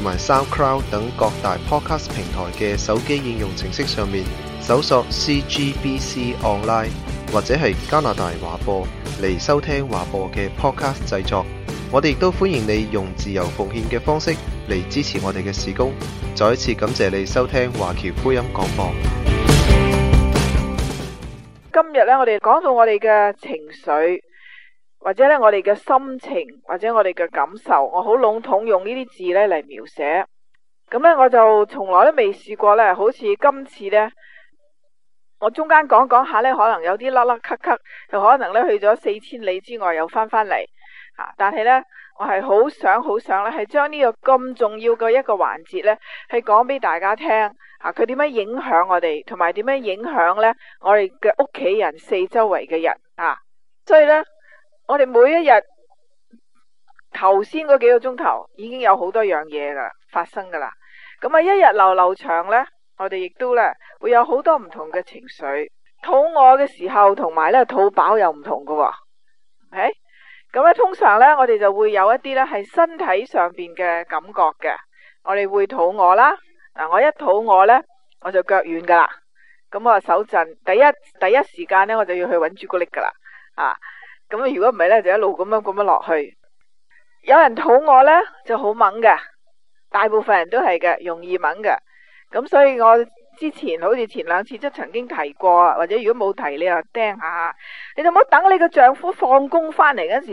同埋 SoundCloud 等各大 Podcast 平台嘅手機應用程式上面搜索 CGBC Online 或者係加拿大華播嚟收聽華播嘅 Podcast 製作，我哋亦都歡迎你用自由奉獻嘅方式嚟支持我哋嘅事工。再一次感謝你收聽華僑福音廣播。今日咧，我哋講到我哋嘅情緒。或者咧，我哋嘅心情或者我哋嘅感受，我好籠統用呢啲字咧嚟描寫咁咧，我就從來都未試過咧，好似今次咧，我中間講講下咧，可能有啲甩甩咳咳，就可能咧去咗四千里之外又翻返嚟啊。但係咧，我係好想好想咧，係將呢個咁重要嘅一個環節咧，係講俾大家聽啊，佢點樣影響我哋，同埋點樣影響咧我哋嘅屋企人四周圍嘅人啊，所以咧。我哋每一日頭先嗰幾個鐘頭已經有好多樣嘢噶啦，發生噶啦。咁啊，一日流流長呢，我哋亦都呢會有好多唔同嘅情緒。肚餓嘅時候同埋呢，肚飽又唔同噶喎，咁咧。通常呢，我哋就會有一啲呢係身體上邊嘅感覺嘅，我哋會肚餓啦。嗱，我一肚餓呢，我就腳軟噶啦。咁我手震，第一第一時間咧我就要去揾朱古力噶啦啊。咁如果唔係呢，就一路咁樣咁樣落去。有人肚餓呢，就好猛嘅。大部分人都係嘅，容易猛嘅。咁所以我之前好似前兩次即曾經提過，或者如果冇提你又聽下。你就唔好等你個丈夫放工翻嚟嗰時，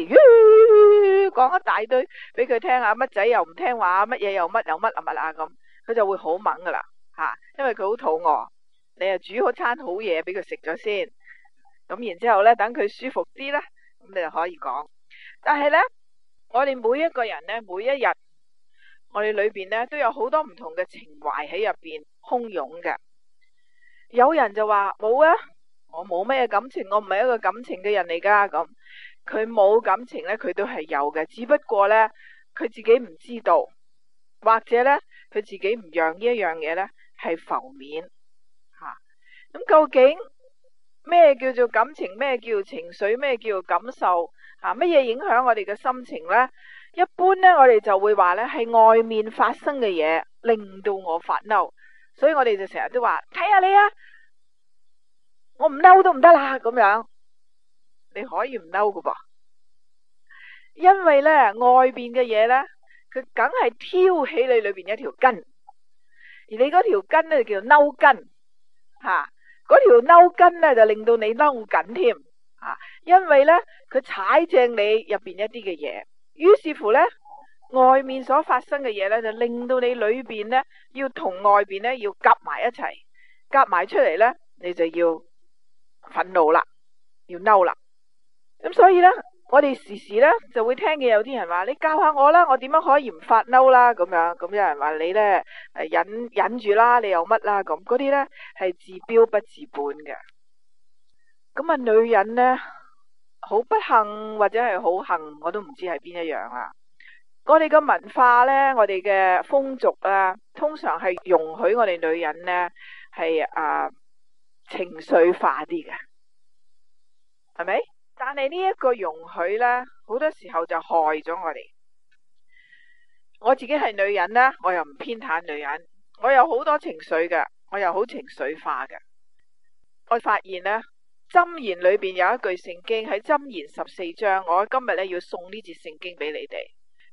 講一大堆俾佢聽呀，乜仔又唔聽話，乜嘢又乜又乜啊乜呀咁，佢就會好猛噶啦吓，因為佢好肚餓。你又煮好餐好嘢俾佢食咗先。咁然之後呢，等佢舒服啲呢。咁你就可以講，但係呢，我哋每一個人呢，每一日，我哋裏邊呢，都有好多唔同嘅情懷喺入邊洶湧嘅。有人就話冇啊，我冇咩感情，我唔係一個感情嘅人嚟噶。咁佢冇感情呢，佢都係有嘅，只不過呢，佢自己唔知道，或者呢，佢自己唔讓呢一樣嘢呢，係浮面吓。咁，啊，究竟，咩叫做感情？咩叫情緒？咩叫感受？啊，乜嘢影響我哋嘅心情咧？一般咧，我哋就會話咧，係外面發生嘅嘢令到我發嬲，所以我哋就成日都話睇下你啊，我唔嬲都唔得啦咁樣。你可以唔嬲噶噃，因為咧外邊嘅嘢咧，佢梗係挑起你裏邊一條根，而你嗰條根咧就叫嬲根，吓。嗰條嬲筋咧就令到你嬲緊添，啊！因為咧佢踩正你入邊一啲嘅嘢，於是乎咧外面所發生嘅嘢咧就令到你裏邊咧要同外邊咧要夾埋一齊，夾埋出嚟，咧你就要憤怒啦，要嬲啦，咁所以咧。我哋時時咧就會聽見有啲人話，你教下我啦，我點樣可以唔發嬲啦？咁樣，咁有人話你咧，誒，忍忍住啦，你又乜啦？咁嗰啲咧係治標不治本嘅。咁啊，女人咧好不幸或者係好幸，我都唔知係邊一樣啦。我哋嘅文化咧，我哋嘅風俗咧，通常係容許我哋女人咧係啊情緒化啲嘅，係咪？但係呢一個容許呢，好多時候就害咗我哋。我自己係女人呢，我又唔偏袒女人，我有好多情緒嘅，我又好情緒化嘅。我發現呢，箴言裏邊有一句聖經喺箴言十四章，我今日呢要送呢節聖經俾你哋。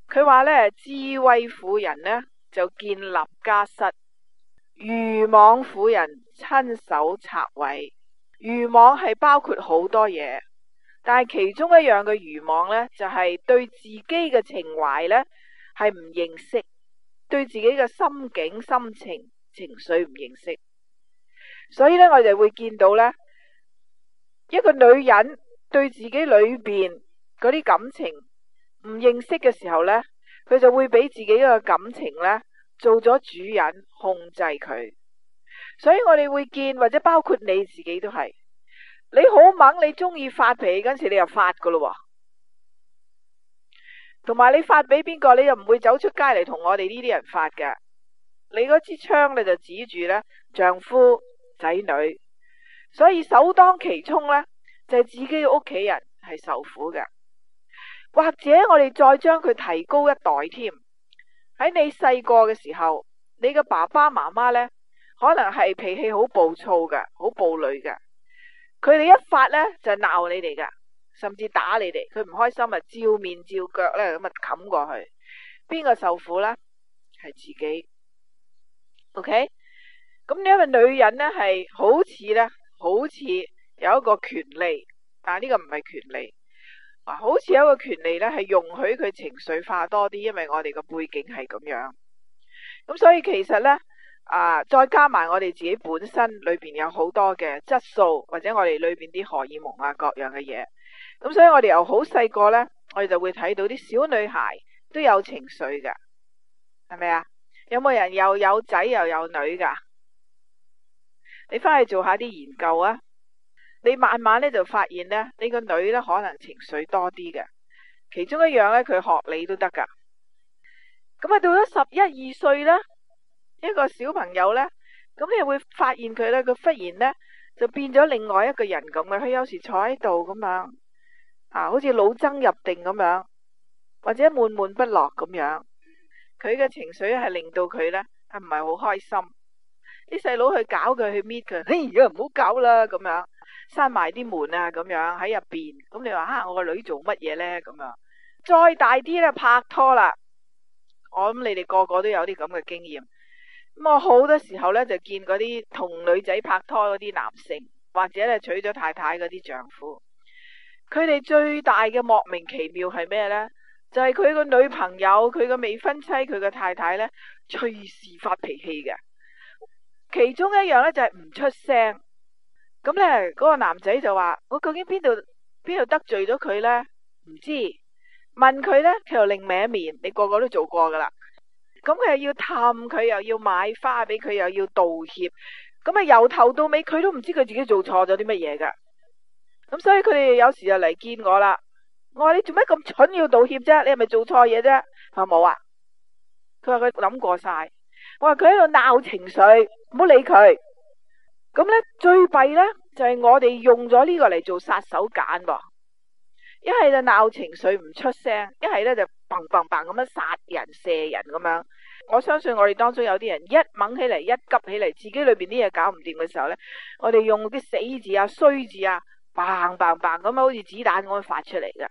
佢話呢，智慧婦人呢，就建立家室，愚妄婦人親手拆毀，愚妄係包括好多嘢。但係其中一樣嘅愚妄呢，就係、是、對自己嘅情懷呢，係唔認識，對自己嘅心境、心情、情緒唔認識，所以呢，我哋會見到呢一個女人對自己裏邊嗰啲感情唔認識嘅時候呢，佢就會俾自己個感情呢做咗主人控制佢，所以我哋會見或者包括你自己都係。你好猛，你中意發脾氣嗰時，你又發噶咯。同埋你發俾邊個，你又唔會走出街嚟，同我哋呢啲人發㗎。你嗰支槍，你就，你你就，你就指住咧丈夫、仔女，所以首當其衝咧，就係、是、自己屋企人係受苦嘅。或者我哋再將佢提高一代添，喺你細個嘅時候，你嘅爸爸媽媽咧，可能係脾氣好暴躁嘅，好暴戾嘅。佢哋一發咧就鬧你哋噶甚至打你哋。佢唔開心啊，照面照腳咧咁啊冚過去。邊個受苦呢？係自己。OK？咁呢一個女人呢，係好似呢，好似有一個權利，但呢個唔係權利。啊，好似有一個權利呢，係容許佢情緒化多啲，因為我哋嘅背景係咁樣。咁所以其實呢。啊！再加埋我哋自己本身裏邊有好多嘅質素，或者我哋裏邊啲荷爾蒙啊各樣嘅嘢，咁所以我哋由好細個呢，我哋就會睇到啲小女孩都有情緒㗎，係咪啊？有冇人又有仔又有女噶？你翻去做下啲研究啊！你慢慢咧就發現呢，你個女咧可能情緒多啲嘅，其中一樣咧佢學你都得噶。咁啊，到咗十一二歲啦。一個小朋友呢，咁你會發現佢呢，佢忽然呢，就變咗另外一個人咁嘅。佢有時坐喺度咁樣，啊，好似老僧入定咁樣，或者悶悶不樂咁樣。佢嘅情緒係令到佢呢，係唔係好開心。啲細佬去搞佢，去搣佢，嘿，唔好搞啦咁樣，閂埋啲門啊咁樣喺入邊。咁你話吓，啊，我個女做乜嘢呢咁樣？再大啲呢，拍拖啦。我諗你哋個個都有啲咁嘅經驗。咁我好多時候咧就見嗰啲同女仔拍拖嗰啲男性，或者咧娶咗太太嗰啲丈夫，佢哋最大嘅莫名其妙係咩呢？就係佢個女朋友、佢個未婚妻、佢個太太呢，隨時發脾氣嘅。其中一樣就是不出聲那呢，就係唔出聲。咁呢，嗰個男仔就話：我究竟邊度邊度得罪咗佢呢？不知道」唔知問佢呢，佢又擰歪面。你個個都做過噶啦。咁佢又要探，佢又要買花俾佢，又要道歉。咁啊，由頭到尾佢都唔知佢自己做錯咗啲乜嘢噶。咁所以佢哋有時就嚟見我啦。我話你做咩咁蠢要道歉啫？你係咪做錯嘢啫？佢話冇啊。佢話佢諗過晒。我話佢喺度鬧情緒，唔好理佢。咁咧最弊咧就係我哋用咗呢個嚟做殺手鐧噃。一係就鬧情緒唔出聲，一係咧就。砰砰砰咁樣殺人射人咁樣，我相信我哋當中有啲人一掹起嚟，一急起嚟，自己裏邊啲嘢搞唔掂嘅時候咧，我哋用啲死字啊、衰字啊，砰砰砰咁樣好似子彈咁樣發出嚟㗎。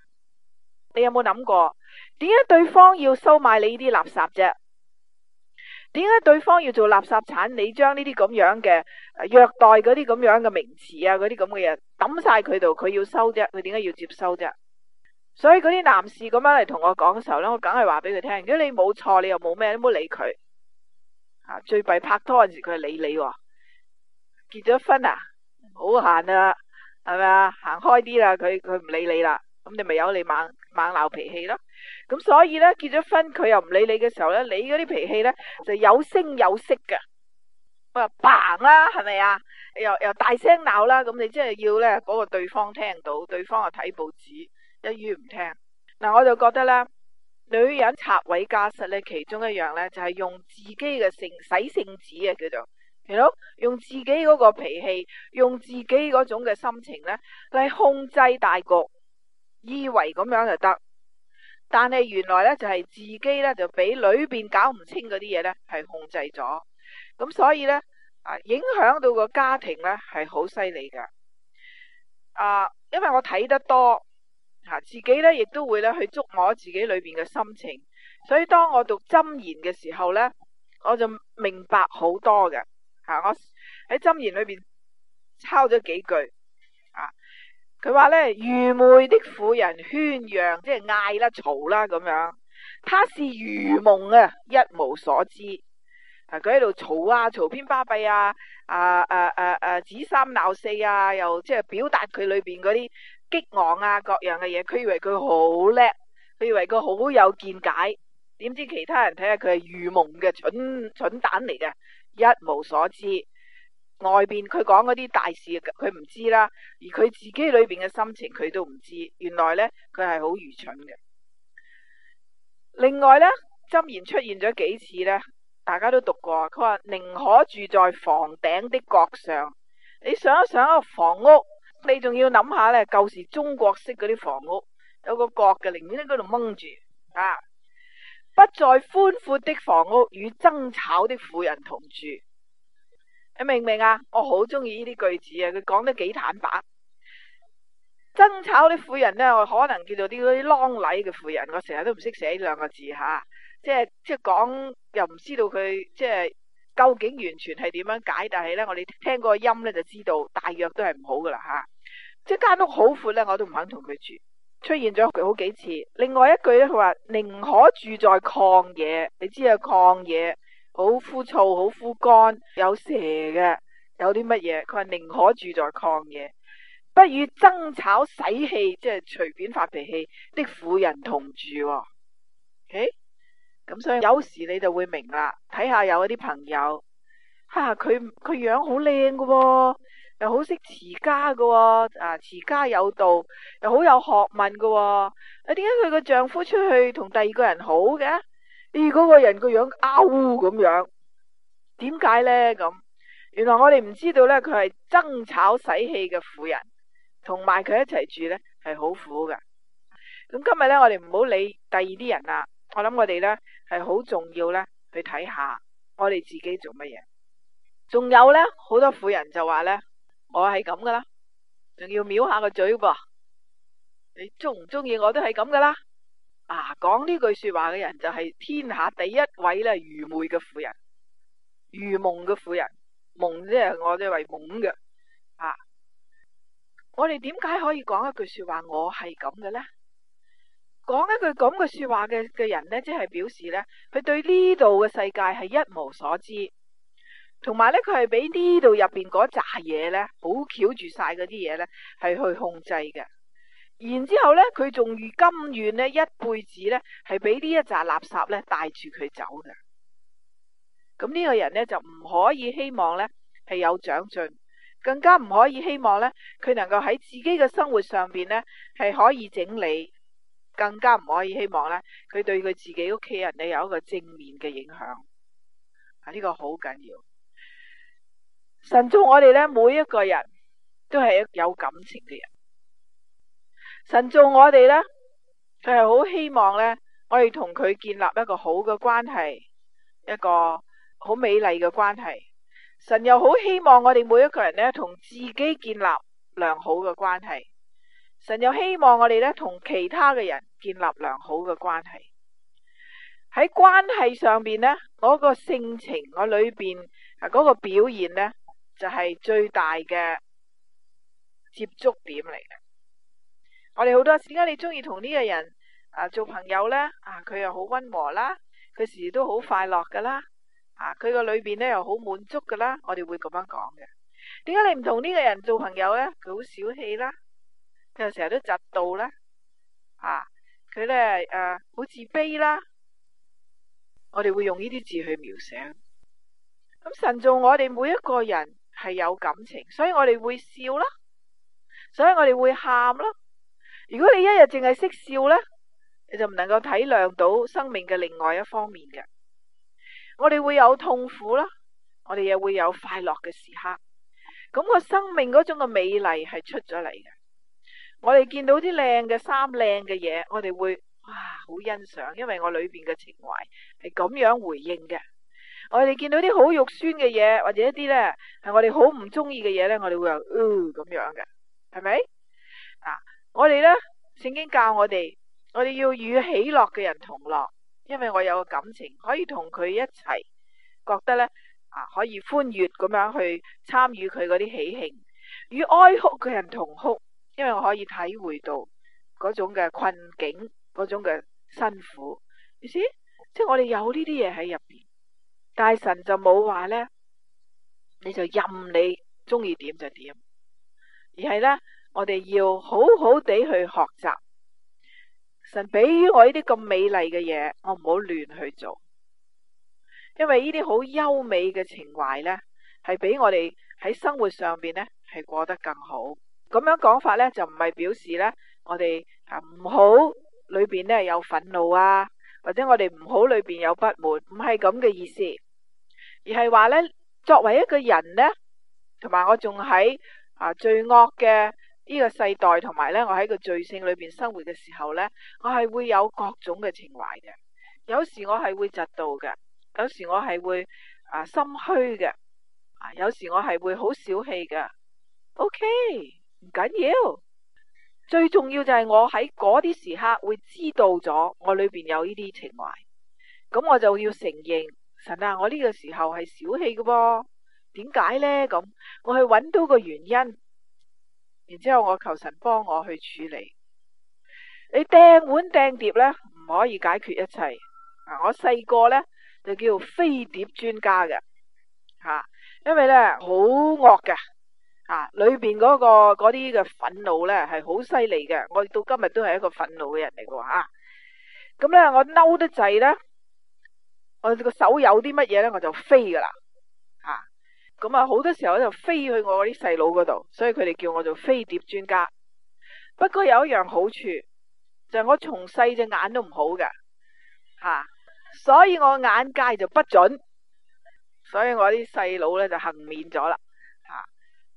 你有冇諗過，點解對方要收買你呢啲垃圾啫？點解對方要做垃圾產？你將呢啲咁樣嘅虐待嗰啲咁樣嘅名詞啊，嗰啲咁嘅嘢抌晒佢度，佢要收啫？佢點解要接收啫？所以嗰啲男士咁樣嚟同我講嘅時候咧，我梗係話俾佢聽。如果你冇錯，你又冇咩，都冇理佢。啊，最弊拍拖陣時，佢係理你，結咗婚啊，好閒啦，係咪啊？行開啲啦，佢佢唔理你啦，咁你咪有你猛猛鬧脾氣咯。咁所以咧，結咗婚佢又唔理你嘅時候咧，你嗰啲脾氣咧就有聲有色嘅，我又嘭啦，係咪啊？是又又大聲鬧啦，咁你即係要咧嗰個對方聽到，對方啊睇報紙。一於唔聽，嗱、啊、我就覺得咧，女人拆毀家室咧，其中一樣咧就係、是、用自己嘅性使性子啊，叫做係咯，用自己嗰個脾氣，用自己嗰種嘅心情咧嚟控制大局，以為咁樣就得。但係原來咧就係、是、自己咧就俾裏邊搞唔清嗰啲嘢咧係控制咗，咁所以咧啊影響到個家庭咧係好犀利噶，啊因為我睇得多。吓、啊、自己咧，亦都會咧去捉摸自己裏邊嘅心情，所以當我讀箴言嘅時候咧，我就明白好多嘅。吓、啊、我喺箴言裏邊抄咗幾句，啊，佢話咧愚昧的婦人喧嚷，即係嗌啦、嘈啦咁樣，他是愚蒙啊，一無所知。啊，佢喺度嘈啊，嘈偏巴閉啊，啊啊啊啊，指、啊啊、三鬧四啊，又即係表達佢裏邊嗰啲。激昂啊，各樣嘅嘢佢以為佢好叻，佢以為佢好有見解，點知其他人睇下佢係愚蒙嘅，蠢蠢蛋嚟嘅，一無所知。外邊佢講嗰啲大事，佢唔知啦，而佢自己裏邊嘅心情，佢都唔知。原來呢，佢係好愚蠢嘅。另外呢，箴言出現咗幾次呢，大家都讀過，佢話寧可住在房頂的角上。你想一想，一個房屋。你仲要諗下咧，舊時中國式嗰啲房屋有個角嘅，寧願喺嗰度掹住啊！不在寬闊的房屋與爭吵的婦人同住，你明唔明啊？我好中意呢啲句子啊！佢講得幾坦白，爭吵的婦人咧，我可能叫做啲嗰啲啷禮嘅婦人，我成日都唔識寫呢兩個字吓、啊，即係即係講又唔知道佢即係究竟完全係點樣解，解，但係咧我哋聽個音咧就知道，大約都係唔好噶啦吓。啊即係間屋好闊咧，我都唔肯同佢住。出現咗佢好幾次。另外一句咧，佢話寧可住在曠野，你知啊，曠野好枯燥，好枯乾，有蛇嘅，有啲乜嘢。佢話寧可住在曠野，不與爭吵、使氣，即係隨便發脾氣的婦人同住，哦。喎。咁所以有時你就會明啦。睇下有一啲朋友，啊，佢佢樣好靚噶。又好識持家噶喎，啊，持家有道，又好有學問噶喎。啊，點解佢個丈夫出去同第二個人好嘅？咦、呃，嗰個人個樣勾咁樣，點解呢？咁原來我哋唔知道呢，佢係爭吵使氣嘅婦人，同埋佢一齊住呢係好苦㗎。咁今日呢，我哋唔好理第二啲人啦。我諗我哋呢係好重要呢，去睇下我哋自己做乜嘢。仲有呢，好多婦人就話呢。我係咁噶啦，仲要藐下個嘴噃！你中唔中意我都係咁噶啦。啊，講呢句說話嘅人就係天下第一位咧愚昧嘅婦人，愚蒙嘅婦人，蒙即係我哋係為蒙嘅。啊，我哋點解可以講一句說話？我係咁嘅咧。講一句咁嘅說話嘅嘅人咧，即係表示咧，佢對呢度嘅世界係一無所知。同埋咧，佢係俾呢度入邊嗰扎嘢咧，好翹住晒嗰啲嘢咧，係去控制嘅。然之後咧，佢仲甘願咧，一輩子咧係俾呢一紮垃圾咧帶住佢走嘅。咁呢個人咧就唔可以希望咧係有長進，更加唔可以希望咧佢能夠喺自己嘅生活上邊咧係可以整理，更加唔可以希望咧佢對佢自己屋企人咧有一個正面嘅影響。啊，呢個好緊要。神造我哋咧，每一個人都係一有感情嘅人。神造我哋咧，佢係好希望咧，我哋同佢建立一個好嘅關係，一個好美麗嘅關係。神又好希望我哋每一個人咧，同自己建立良好嘅關係。神又希望我哋咧，同其他嘅人建立良好嘅關係。喺關係上邊咧，嗰個性情我裏邊嗰個表現咧，就係最大嘅接觸點嚟嘅。我哋好多時，點解你中意同呢個人啊、呃、做朋友咧啊，佢又好溫和啦，佢時時都好快樂噶啦啊，佢個裏邊咧又好滿足噶啦。我哋會咁樣講嘅。點解你唔同呢個人做朋友咧？佢好小氣啦，佢又成日都嫉妒啦啊，佢咧誒好自卑啦。我哋會用呢啲字去描寫。咁神造我哋每一個人，係有感情，所以我哋會笑啦，所以我哋會喊啦。如果你一日淨係識笑咧，你就唔能夠體諒到生命嘅另外一方面嘅。我哋會有痛苦啦，我哋亦會有快樂嘅時刻。咁個生命嗰種嘅美麗係出咗嚟嘅。我哋見到啲靚嘅衫、靚嘅嘢，我哋會哇，好欣賞，因為我裏邊嘅情懷係咁樣回應嘅。我哋見到啲好肉酸嘅嘢，或者一啲呢，係我哋好唔中意嘅嘢呢，我哋會話嗯，咁樣嘅，係咪？啊，我哋呢，聖經教我哋，我哋要與喜樂嘅人同樂，因為我有個感情可以同佢一齊，覺得呢，啊可以歡悅咁樣去參與佢嗰啲喜慶；與哀哭嘅人同哭，因為我可以體會到嗰種嘅困境，嗰種嘅辛苦。意思即係我哋有呢啲嘢喺入邊。但神就冇話咧，你就任你中意點就點，而係咧我哋要好好地去學習。神俾我呢啲咁美麗嘅嘢，我唔好亂去做，因為呢啲好優美嘅情懷咧，係俾我哋喺生活上邊咧係過得更好。咁樣講法咧就唔係表示咧我哋啊唔好裏邊咧有憤怒啊。或者我哋唔好裏邊有不滿，唔係咁嘅意思，而係話呢，作為一個人呢，同埋我仲喺啊罪惡嘅呢個世代，同埋呢我喺個罪性裏邊生活嘅時候呢，我係會有各種嘅情懷嘅，有時我係會嫉妒嘅，有時我係會啊、呃、心虛嘅，啊有時我係會好小氣嘅，OK 唔緊要。最重要就係我喺嗰啲時刻會知道咗我裏邊有呢啲情懷，咁我就要承認神啊，我呢個時候係小氣嘅噃，點解咧？咁我去揾到個原因，然之後我求神幫我去處理。你掟碗掟碟咧，唔可以解決一切。啊，我細個咧就叫飛碟專家嘅，吓，因為咧好惡嘅。啊！裏邊嗰、那個嗰啲嘅憤怒咧，係好犀利嘅。我到今日都係一個憤怒嘅人嚟嘅喎，吓、啊。咁咧，我嬲得滯咧，我個手有啲乜嘢咧，我就飛噶啦。吓，咁啊，好多時候咧就飛去我啲細佬嗰度，所以佢哋叫我做飛碟專家。不過有一樣好處，就係，我從細隻眼都唔好嘅，吓、啊，所以我眼界就不準，所以我啲細佬咧就幸免咗啦。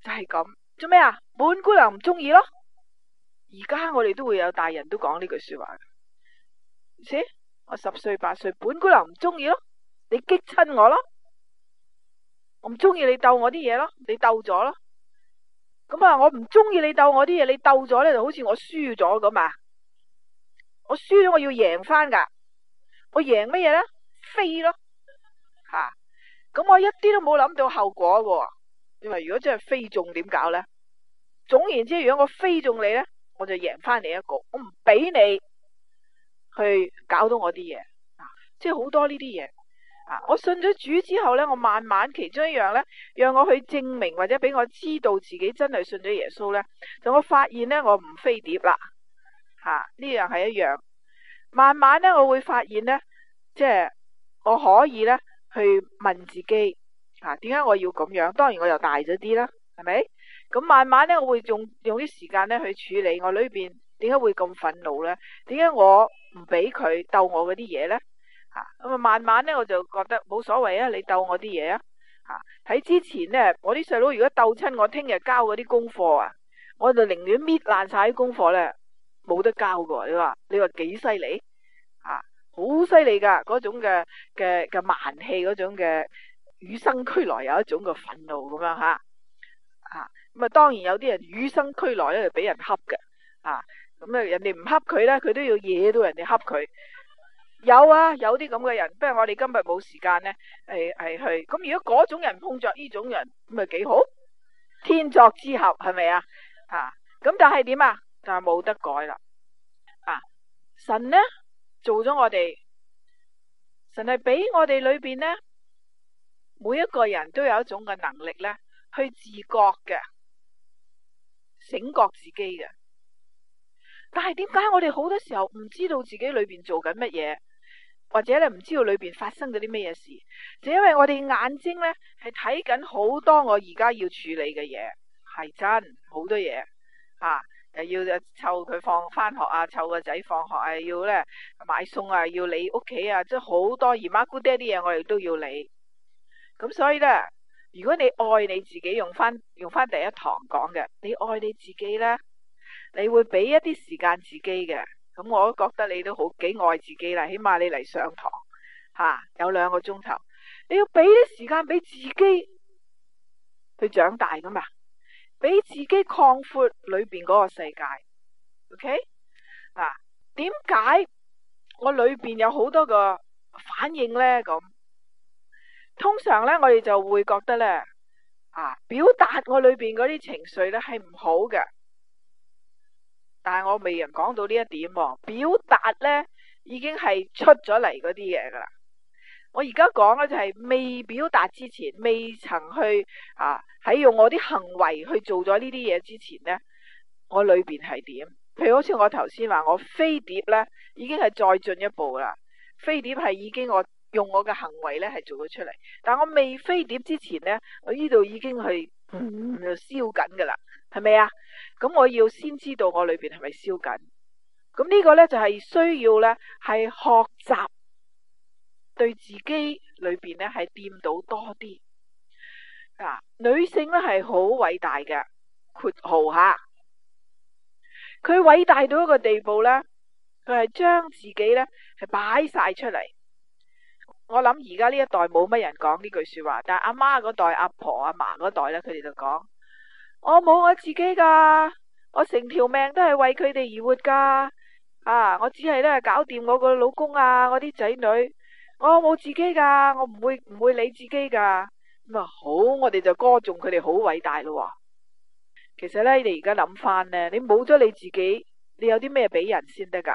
就係咁做咩啊？本姑娘唔中意咯。而家我哋都會有大人都講呢句說話嘅。我十歲八歲，本姑娘唔中意咯。你激親我咯，我唔中意你鬥我啲嘢咯。你鬥咗咯。咁啊，我唔中意你鬥我啲嘢，你鬥咗咧，就好似我輸咗咁啊。我輸咗，我要贏翻噶。我贏乜嘢咧？飛咯。吓、啊，咁我一啲都冇諗到後果喎、啊。你話如果真係非中點搞咧？總言之如果我飛中你咧，我就贏翻你一局，我唔俾你去搞到我啲嘢，啊，即係好多呢啲嘢，啊，我信咗主之後咧，我慢慢其中一樣咧，讓我去證明或者俾我知道自己真係信咗耶穌咧，就我發現咧，我唔飛碟啦，吓、啊、呢樣係一樣，慢慢咧我會發現咧，即係我可以咧去問自己。吓，點解、啊、我要咁樣？當然我又大咗啲啦，係咪？咁慢慢咧，我會用用啲時間咧去處理我裏邊點解會咁憤怒咧？點解我唔俾佢斗我嗰啲嘢咧？吓、啊，咁啊，慢慢咧我就覺得冇所謂啊，你斗我啲嘢啊！吓、啊，喺之前咧，我啲細佬如果斗親我，聽日交嗰啲功課啊，我就寧願搣爛晒啲功課咧，冇得交噶。你話你話幾犀利？啊，好犀利噶嗰種嘅嘅嘅蠻氣嗰種嘅。與生俱來有一種嘅憤怒咁樣吓，啊咁啊當然有啲人與生俱來咧，俾人恰嘅，啊咁啊人哋唔恰佢咧，佢都要惹到人哋恰佢。有啊，有啲咁嘅人，不如我哋今日冇時間咧，係、哎、係、哎、去。咁、啊、如果嗰種人碰着呢種人，咁咪幾好，天作之合係咪啊？吓咁但係點啊？但係冇、啊、得改啦。啊神咧做咗我哋，神係俾我哋裏邊咧。每一個人都有一種嘅能力咧，去自覺嘅、醒覺自己嘅。但係點解我哋好多時候唔知道自己裏邊做緊乜嘢，或者咧唔知道裏邊發生咗啲咩嘢事？就因為我哋眼睛咧係睇緊好多我而家要處理嘅嘢，係真好多嘢啊！又，要湊佢放翻學啊，湊個仔放學啊，要咧買餸啊，要理屋企啊，即係好多姨媽姑爹啲嘢，我哋都要理。咁所以咧，如果你愛你自己，用翻用翻第一堂講嘅，你愛你自己咧，你會俾一啲時間自己嘅。咁我都覺得你都好幾愛自己啦，起碼你嚟上堂吓，啊，有兩個鐘頭，你要俾啲時間俾自己去長大噶嘛，俾自己擴闊裏邊嗰個世界。OK，嗱，點解我裏邊有好多個反應咧？咁？通常咧，我哋就會覺得咧，啊，表達我裏邊嗰啲情緒咧係唔好嘅。但係我未人講到呢一點，表達咧已經係出咗嚟嗰啲嘢㗎喇。我而家講咧就係未表達之前，未曾去啊喺用我啲行為去做咗呢啲嘢之前咧，我裏邊係點？譬如好似我頭先話我飛碟咧，已經係再進一步啦。飛碟係已經我。用我嘅行為咧係做咗出嚟，但我未飛碟之前咧，我呢度已經係燒緊㗎喇，係咪啊？咁我要先知道我裏邊係咪燒緊？咁呢個咧就係、是、需要咧係學習對自己裏邊咧係掂到多啲啊、呃！女性咧係好偉大嘅，括號吓，佢偉大到一個地步咧，佢係將自己咧係擺晒出嚟。我諗而家呢一代冇乜人講呢句說話，但係阿媽嗰代、阿婆、阿嫲嗰代咧，佢哋就講：我冇我自己噶，我成條命都係為佢哋而活噶。啊，我只係咧搞掂我個老公啊，我啲仔女，我冇自己噶，我唔會唔會理自己噶。咁啊，好，我哋就歌頌佢哋好偉大咯。其實咧，你而家諗翻咧，你冇咗你自己，你有啲咩俾人先得噶？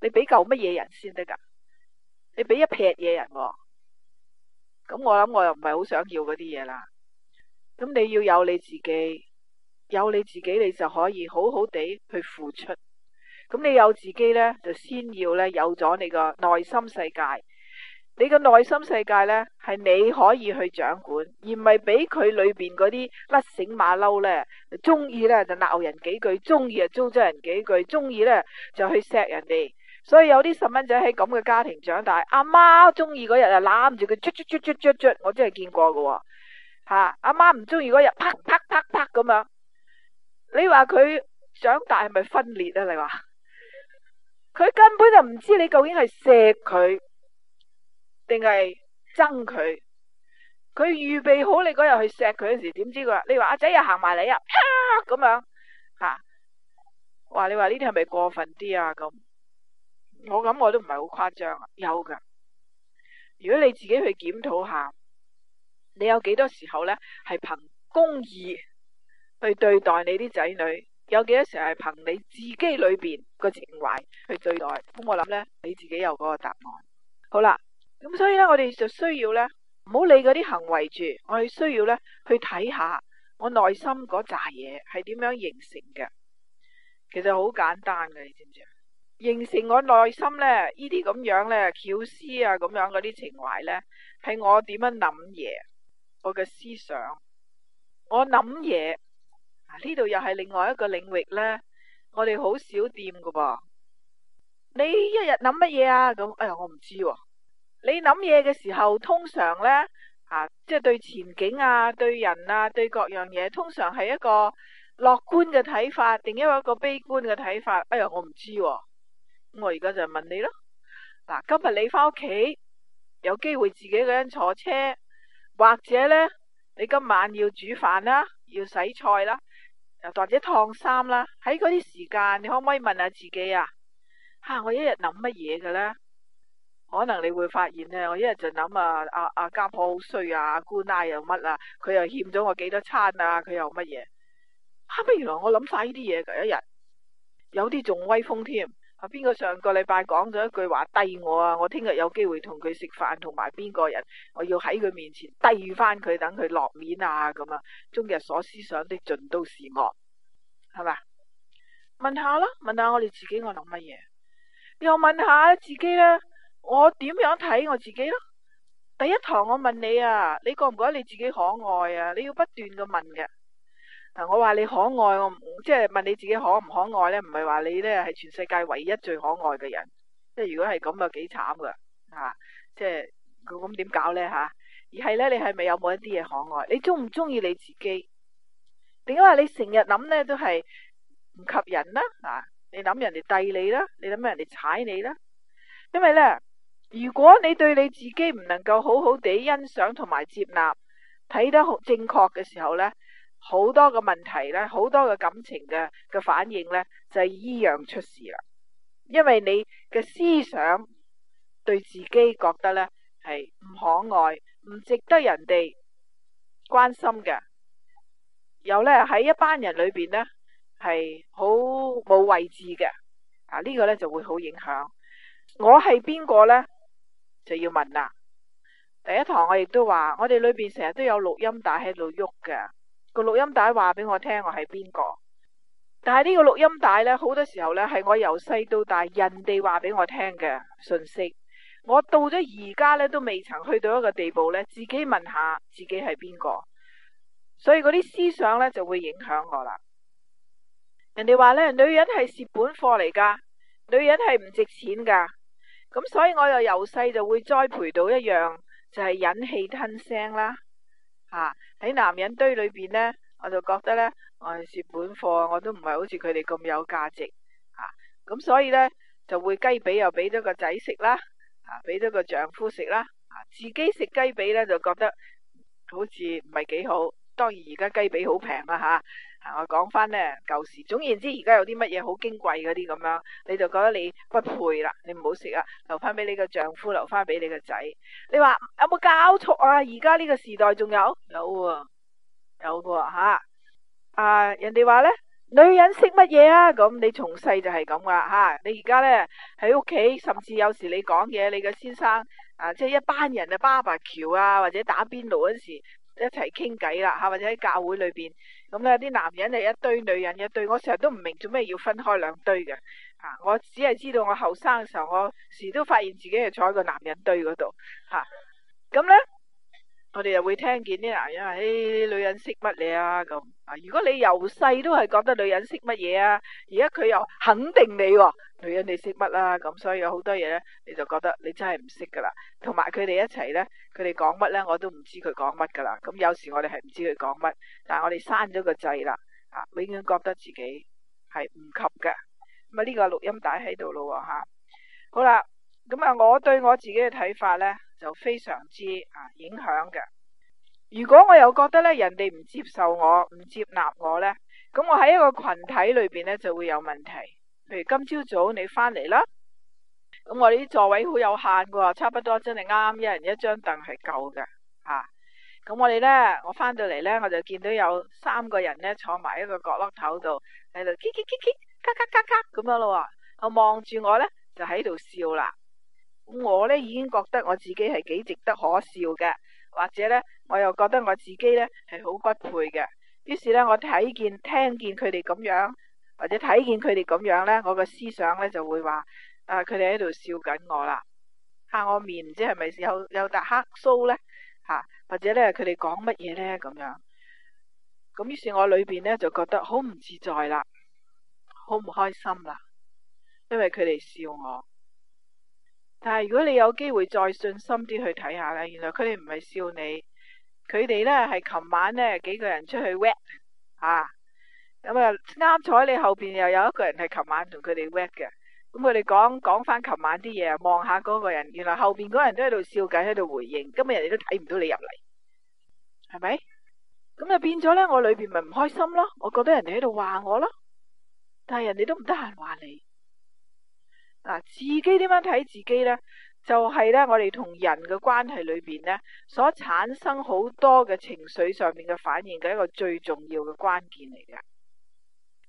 你俾夠乜嘢人先得噶？你俾一撇嘢人喎，咁我諗我又唔係好想要嗰啲嘢啦。咁你要有你自己，有你自己你就可以好好地去付出。咁你有自己呢，就先要呢有咗你個內心世界。你個內心世界呢，係你可以去掌管，而唔係俾佢裏邊嗰啲甩繩馬騮呢。中意呢，就鬧人幾句，中意就糟質人幾句，中意呢，就去錫人哋。所以有啲細蚊仔喺咁嘅家庭長大，阿媽中意嗰日啊攬住佢捽捽捽捽捽捽。我真係見過噶，吓，阿媽唔中意嗰日啪啪啪啪咁樣，你話佢長大係咪分裂啊？你話佢根本就唔知你究竟係錫佢定係憎佢，佢預備好你嗰日去錫佢嘅時，點知佢話你話阿仔又行埋嚟啊，啪咁樣吓，哇你話呢啲係咪過分啲啊咁？我諗我都唔係好誇張啊，有噶。如果你自己去檢討下，你有幾多時候咧係憑公義去對待你啲仔女？有幾多時候係憑你自己裏邊個情懷去對待？咁我諗咧，你自己有嗰個答案。好啦，咁所以咧，我哋就需要咧，唔好理嗰啲行為住，我哋需要咧去睇下我內心嗰扎嘢係點樣形成嘅。其實好簡單嘅，你知唔知啊？形成我內心咧，這這呢啲咁樣咧，巧思啊，咁樣嗰啲情懷咧，係我點樣諗嘢，我嘅思想，我諗嘢啊，呢度又係另外一個領域咧。我哋好少掂噶噃。你一日諗乜嘢啊？咁哎呀，我唔知啊。你諗嘢嘅時候，通常咧，即係對前景啊、對人啊、對各樣嘢，通常係一個樂觀嘅睇法，定一個悲觀嘅睇法？哎呀，我唔知啊。我而家就問你咯，嗱，今日你返屋企有機會自己一個人坐車，或者咧你今晚要煮飯啦，要洗菜啦，又或者燙衫啦，喺嗰啲時間，你可唔可以問下自己啊？吓、啊，我一日諗乜嘢嘅咧？可能你會發現咧，我一日就諗啊啊啊，家婆好衰啊，姑奶又乜啊，佢又欠咗我幾多餐啊，佢又乜嘢？吓，乜原來我諗晒呢啲嘢噶一日，有啲仲威風添。啊！邊個上個禮拜講咗一句話低我啊？我聽日有機會同佢食飯，同埋邊個人，我要喺佢面前低翻佢，等佢落面啊！咁啊，終日所思想的盡都是惡，係嘛？問下啦，問下我哋自己，我諗乜嘢？又問下自己啦，我點樣睇我自己咯？第一堂我問你啊，你覺唔覺得你自己可愛啊？你要不斷咁問嘅。嗱，我話你可愛，我即係問你自己可唔可愛咧唔係話你咧係全世界唯一最可愛嘅人，即係如果係咁啊，幾慘噶吓！即係咁點搞咧吓？而係咧，你係咪有冇一啲嘢可愛？你中唔中意你自己？點解話你成日諗咧都係唔及人啦？啊，你諗人哋遞你啦，你諗人哋踩你啦？因為咧，如果你對你自己唔能夠好好地欣賞同埋接納，睇得好正確嘅時候咧好多嘅問題咧，好多嘅感情嘅嘅反應咧，就係、是、依樣出事啦。因為你嘅思想對自己覺得咧係唔可愛，唔值得人哋關心嘅，有咧喺一班人裏邊咧係好冇位置嘅啊！呢個咧就會好影響我係邊個咧，就要問啦。第一堂我亦都話，我哋裏邊成日都有錄音帶喺度喐嘅。個錄音帶話俾我聽我係邊個，但係呢個錄音帶咧，好多時候咧係我由細到大人哋話俾我聽嘅訊息，我到咗而家咧都未曾去到一個地步咧，自己問一下自己係邊個，所以嗰啲思想咧就會影響我啦。人哋話咧，女人係蝕本貨嚟噶，女人係唔值錢噶，咁所以我又由細就會栽培到一樣就係忍氣吞聲啦。嚇！喺、啊、男人堆裏邊咧，我就覺得咧，我係蝕本貨，我都唔係好似佢哋咁有價值嚇。咁、啊、所以咧，就會雞髀又俾咗個仔食啦，嚇俾咗個丈夫食啦，嚇、啊、自己食雞髀咧就覺得好似唔係幾好。當然而家雞髀好平啦嚇。啊啊、我講翻呢舊時，總言之，而家有啲乜嘢好矜貴嗰啲咁樣，你就覺得你不配啦，你唔好食啊，留翻俾你個丈夫，留翻俾你個仔。你話有冇搞錯啊？而家呢個時代仲有有喎，有喎嚇、啊。啊，人哋話呢，女人識乜嘢啊？咁你從細就係咁噶嚇。你而家呢，喺屋企，甚至有時你講嘢，你嘅先生啊，即係一班人啊，BBQ 啊，或者打邊爐嗰時一齊傾偈啦嚇，或者喺教會裏邊。咁咧，啲男人係一堆，女人一堆，我成日都唔明做咩要分開兩堆嘅。啊，我只係知道我後生嘅時候，我時都發現自己係坐喺個男人堆嗰度。吓、啊。咁咧。我哋又會聽見啲男人話，誒、哎哎，女人識乜嘢啊？咁啊，如果你由細都係覺得女人識乜嘢啊，而家佢又肯定你，女人你識乜啦？咁所以有好多嘢咧，你就覺得你真係唔識噶啦。同埋佢哋一齊咧，佢哋講乜咧，我都唔知佢講乜噶啦。咁有時我哋係唔知佢講乜，但係我哋閂咗個掣啦，啊，永遠覺得自己係唔及噶。咁啊，呢個錄音帶喺度咯，吓、啊，好啦，咁啊，我對我自己嘅睇法咧就非常之啊影響嘅。如果我又覺得咧，人哋唔接受我，唔接納我咧，咁我喺一個群體裏邊咧就會有問題。譬如今朝早你翻嚟啦，咁我哋啲座位好有限嘅，差不多真係啱，一人一張凳係夠嘅。吓，咁我哋咧，我翻到嚟咧，我就見到有三個人咧坐埋一個角落頭度，喺度嘰嘰嘰嘰，咔咔咔咔咁樣咯。我望住我咧，就喺度笑啦。我咧，已經覺得我自己係幾值得可笑嘅，或者咧我又覺得我自己咧係好不配嘅。於是咧我睇見聽見佢哋咁樣，或者睇見佢哋咁樣咧，我嘅思想咧就會話：誒、啊，佢哋喺度笑緊我啦，吓，我面唔知係咪有有笪黑鬚咧，吓、啊、或者咧佢哋講乜嘢咧咁樣。咁於是我裏邊咧就覺得好唔自在啦，好唔開心啦，因為佢哋笑我。但係如果你有機會再信心啲去睇下啦，原來佢哋唔係笑你，佢哋咧係琴晚咧幾個人出去 wet 啊，咁啊啱彩你後邊又有一個人係琴晚同佢哋 wet 嘅，咁佢哋講講翻琴晚啲嘢，望下嗰個人，原來後邊嗰人都喺度笑緊喺度回應，今日人哋都睇唔到你入嚟，係咪？咁就變咗咧，我裏邊咪唔開心咯，我覺得人哋喺度話我咯，但係人哋都唔得閒話你。嗱，自己點樣睇自己咧，就係、是、咧我哋同人嘅關係裏邊咧，所產生好多嘅情緒上面嘅反應嘅一個最重要嘅關鍵嚟嘅。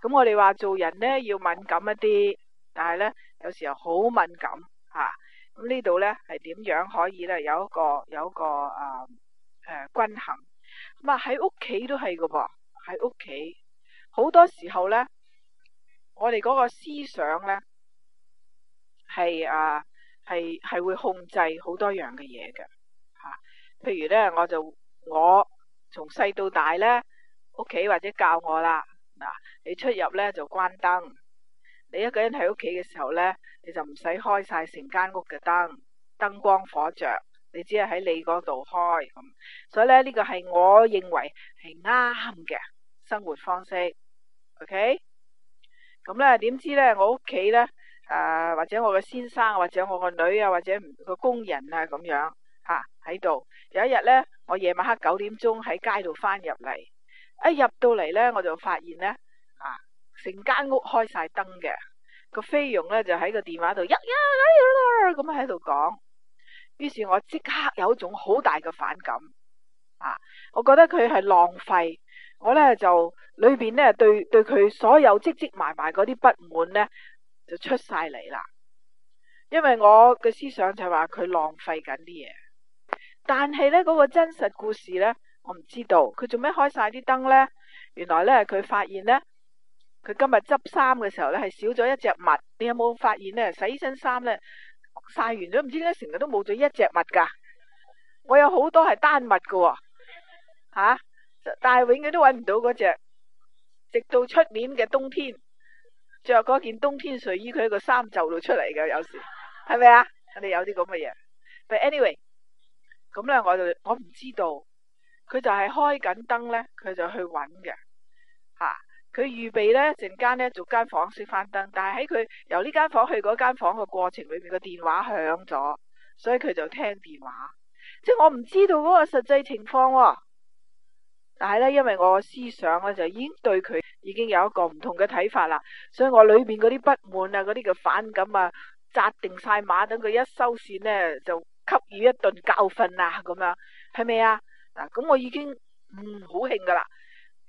咁我哋話做人咧要敏感一啲，但係咧有時候好敏感吓。咁、啊、呢度咧係點樣可以咧有一個有一個誒誒、呃呃、均衡。咁啊喺屋企都係噶噃，喺屋企好多時候咧，我哋嗰個思想咧。係啊，係係會控制好多樣嘅嘢嘅吓，譬如咧，我就我從細到大咧，屋企或者教我啦。嗱，你出入咧，就關燈，你一個人喺屋企嘅時候咧，你就唔使開晒成間屋嘅燈，燈光火着，你只係喺你嗰度開，咁，所以咧，呢個係我認為係啱嘅生活方式，OK？咁咧，點知咧，我屋企咧？誒、呃，或者我個先生，或者我個女啊，或者個工人啊，咁樣吓喺度。有一日咧，我夜晚黑九點鐘喺街度翻入嚟，一、啊、入到嚟咧，我就發現咧，啊，成間屋開晒燈嘅，個菲傭咧就喺個電話度，呀咁喺度講。於、啊啊啊、是，我即刻有一種好大嘅反感啊！我覺得佢係浪費。我咧就裏邊咧對對佢所有積積埋埋嗰啲不滿咧。就出晒嚟啦，因為我嘅思想就係話佢浪費緊啲嘢，但係咧嗰個真實故事咧，我唔知道佢做咩開晒啲燈咧。原來咧佢發現咧，佢今日執衫嘅時候咧係少咗一隻襪。你有冇發現咧？洗身衫咧曬完咗，唔知點解，成日都冇咗一隻襪噶。我有好多係單襪噶，吓、啊，但係永遠都搵唔到嗰隻。直到出年嘅冬天。着嗰件冬天睡衣，佢喺個衫袖度出嚟嘅，有時係咪啊？肯定有啲咁嘅嘢。But anyway，咁咧我就我唔知道，佢就係開緊燈咧，佢就去揾嘅。吓、啊，佢預備咧陣間咧做間房熄翻燈，但係喺佢由呢間房去嗰間房嘅過程裏邊，個電話響咗，所以佢就聽電話。即係我唔知道嗰個實際情況、哦。但係咧，因為我思想咧就已經對佢已經有一個唔同嘅睇法啦，所以我裏邊嗰啲不滿啊，嗰啲嘅反感啊，扎定晒馬，等佢一收線咧就給予一頓教訓啊，咁樣係咪啊？嗱，咁我已經嗯好興噶啦，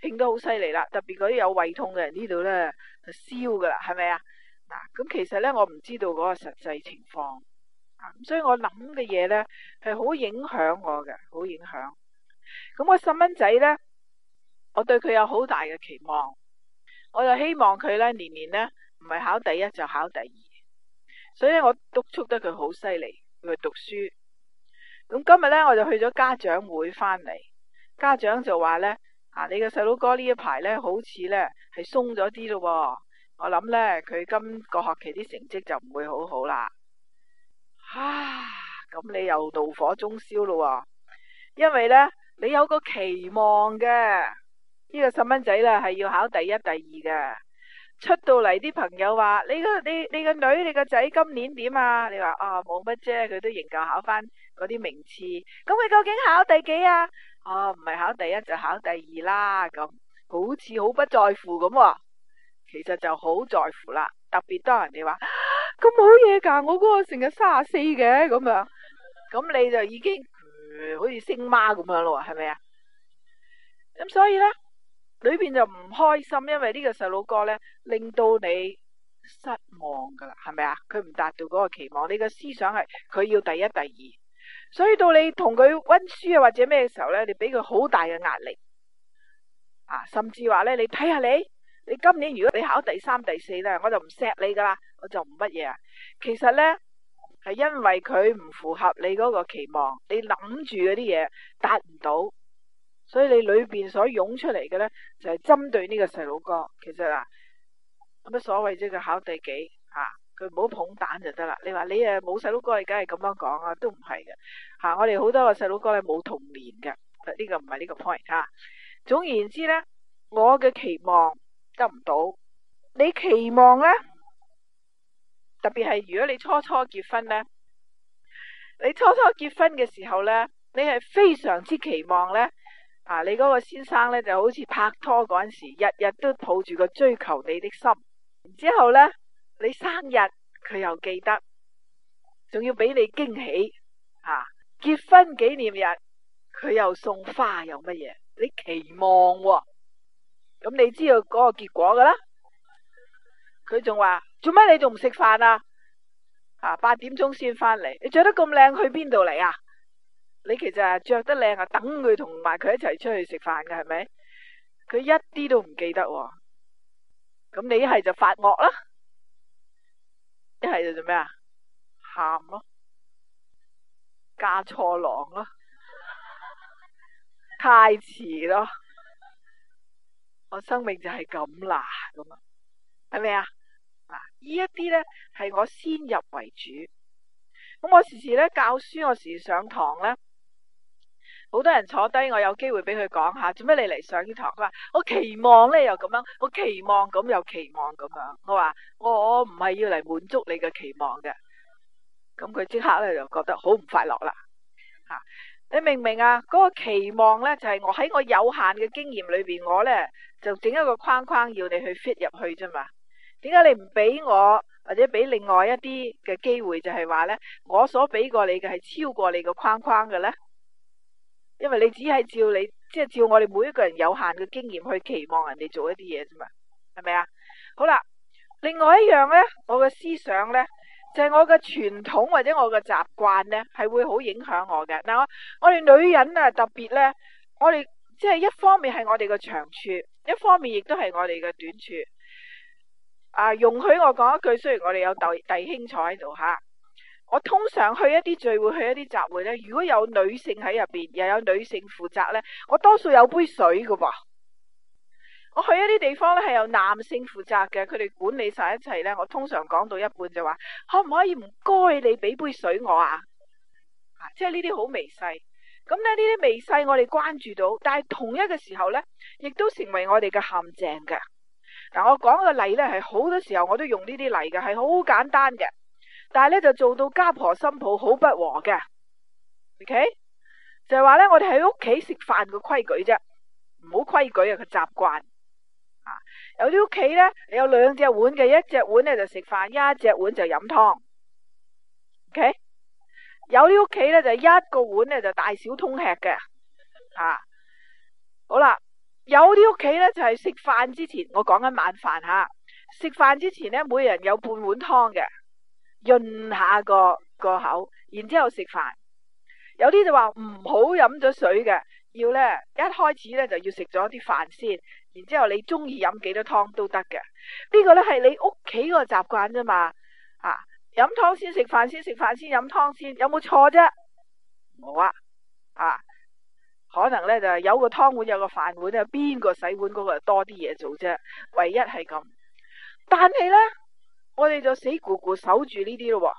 興得好犀利啦，特別嗰啲有胃痛嘅人呢度咧就燒噶啦，係咪啊？嗱，咁其實咧我唔知道嗰個實際情況，所以我諗嘅嘢咧係好影響我嘅，好影響。咁個細蚊仔呢，我對佢有好大嘅期望，我就希望佢呢年年呢唔係考第一就考第二，所以我督促得佢好犀利去讀書。咁今日呢，我就去咗家長會翻嚟，家長就話呢，弟弟呢呢呢「啊，你個細佬哥呢一排呢好似呢係鬆咗啲咯，我諗呢，佢今個學期啲成績就唔會好好啦。啊，咁你又怒火中燒咯，因為呢。你有個期望嘅、這個、呢個細蚊仔啦，係要考第一、第二嘅。出到嚟，啲朋友話：你個你你個女，你個仔今年點啊？你話啊，冇乜啫，佢都仍舊考翻嗰啲名次。咁佢究竟考第幾啊？啊，唔係考第一就考第二啦。咁好似好不在乎咁喎，其實就好在乎啦。特別當人哋話咁好嘢噶，我嗰個成日三十四嘅咁樣，咁你就已經。好似星媽咁樣咯，係咪啊？咁所以咧，裏邊就唔開心，因為這個、呢個細佬哥咧令到你失望噶啦，係咪啊？佢唔達到嗰個期望，你嘅思想係佢要第一、第二，所以到你同佢溫書啊或者咩嘅時候咧，你俾佢好大嘅壓力啊，甚至話咧你睇下你，你今年如果你考第三、第四咧，我就唔錫你噶啦，我就唔乜嘢啊。其實咧，係因為佢唔符合你嗰個期望，你諗住嗰啲嘢達唔到，所以你裏邊所湧出嚟嘅咧，就係針對呢個細佬哥。其實啊，咁乜所謂即係考第幾吓，佢唔好捧蛋就得啦。你話你誒冇細佬哥，你梗係咁樣講啊，都唔係嘅吓。我哋好多個細佬哥係冇童年嘅，呢個唔係呢個 point 吓。總言之咧，我嘅期望得唔到，你期望咧？特別係如果你初初結婚咧，你初初結婚嘅時候咧，你係非常之期望咧啊！你嗰個先生咧就好似拍拖嗰陣時，日日都抱住個追求你的心，然之後咧你生日佢又記得，仲要俾你驚喜啊！結婚紀念日佢又送花又乜嘢？你期望、哦，咁你知道嗰個結果噶啦？佢仲話。做咩你仲唔食飯啊？啊，八點鐘先返嚟，你着得咁靚去邊度嚟啊？你其實係着得靚啊，等佢同埋佢一齊出去食飯㗎，係咪？佢一啲都唔記得喎、啊，咁你係就發惡啦，一係就做咩啊？喊咯，嫁錯郎咯、啊，太遲咯，我生命就係咁啦，咁啊，係咪啊？嗱，呢一啲咧，係我先入為主，咁我時時咧教書，我時時上堂咧，好多人坐低，我有機會俾佢講下，做咩你嚟上呢堂？佢話我期望咧又咁樣，我期望咁又期望咁樣，我話我唔係要嚟滿足你嘅期望嘅，咁佢即刻咧就覺得好唔快樂啦。吓，你明唔明啊？嗰個期望咧就係我喺我有限嘅經驗裏邊，我咧就整一個框框要你去 fit 入去啫嘛。點解你唔俾我或者俾另外一啲嘅機會，就係話咧，我所俾過你嘅係超過你個框框嘅咧？因為你只係照你即係照我哋每一個人有限嘅經驗去期望人哋做一啲嘢啫嘛，係咪啊？好啦，另外一樣咧，我嘅思想咧，就係我嘅傳統或者我嘅習慣咧，係會好影響我嘅。嗱，我哋女人啊，特別咧，我哋即係一方面係我哋嘅長處，一方面亦都係我哋嘅短處。啊，容許我講一句，雖然我哋有弟弟兄坐喺度吓，我通常去一啲聚會，去一啲集會咧，如果有女性喺入邊，又有女性負責咧，我多數有杯水噶噃。我去一啲地方咧，係由男性負責嘅，佢哋管理晒一齊咧，我通常講到一半就話，可唔可以唔該你俾杯水我啊？啊，即係呢啲好微細，咁咧呢啲微細我哋關注到，但係同一個時候咧，亦都成為我哋嘅陷阱嘅。嗱，但我講個例咧，係好多時候我都用呢啲例嘅，係好簡單嘅，但係咧就做到家婆心抱好不和嘅，OK？就係話咧，我哋喺屋企食飯個規矩啫，唔好規矩啊個習慣，啊，有啲屋企咧有兩隻碗嘅，一隻碗咧就食飯，一隻碗就飲湯，OK？有啲屋企咧就一個碗咧就大小通吃嘅，啊，好啦。.有啲屋企咧就係食飯之前，我講緊晚飯吓。食飯之前咧，每人有半碗湯嘅，潤下個個口，然之後食飯。有啲就話唔好飲咗水嘅，要咧一開始咧就要食咗啲飯先，然之後你中意飲幾多湯都得嘅。呢個咧係你屋企個習慣啫嘛。啊，飲湯先，食飯先，食飯先，飲湯先，有冇錯啫？冇啊，啊。可能咧就有個湯碗，有個飯碗啊，邊個洗碗嗰個多啲嘢做啫？唯一係咁。但係咧，我哋就死咕咕守住呢啲咯。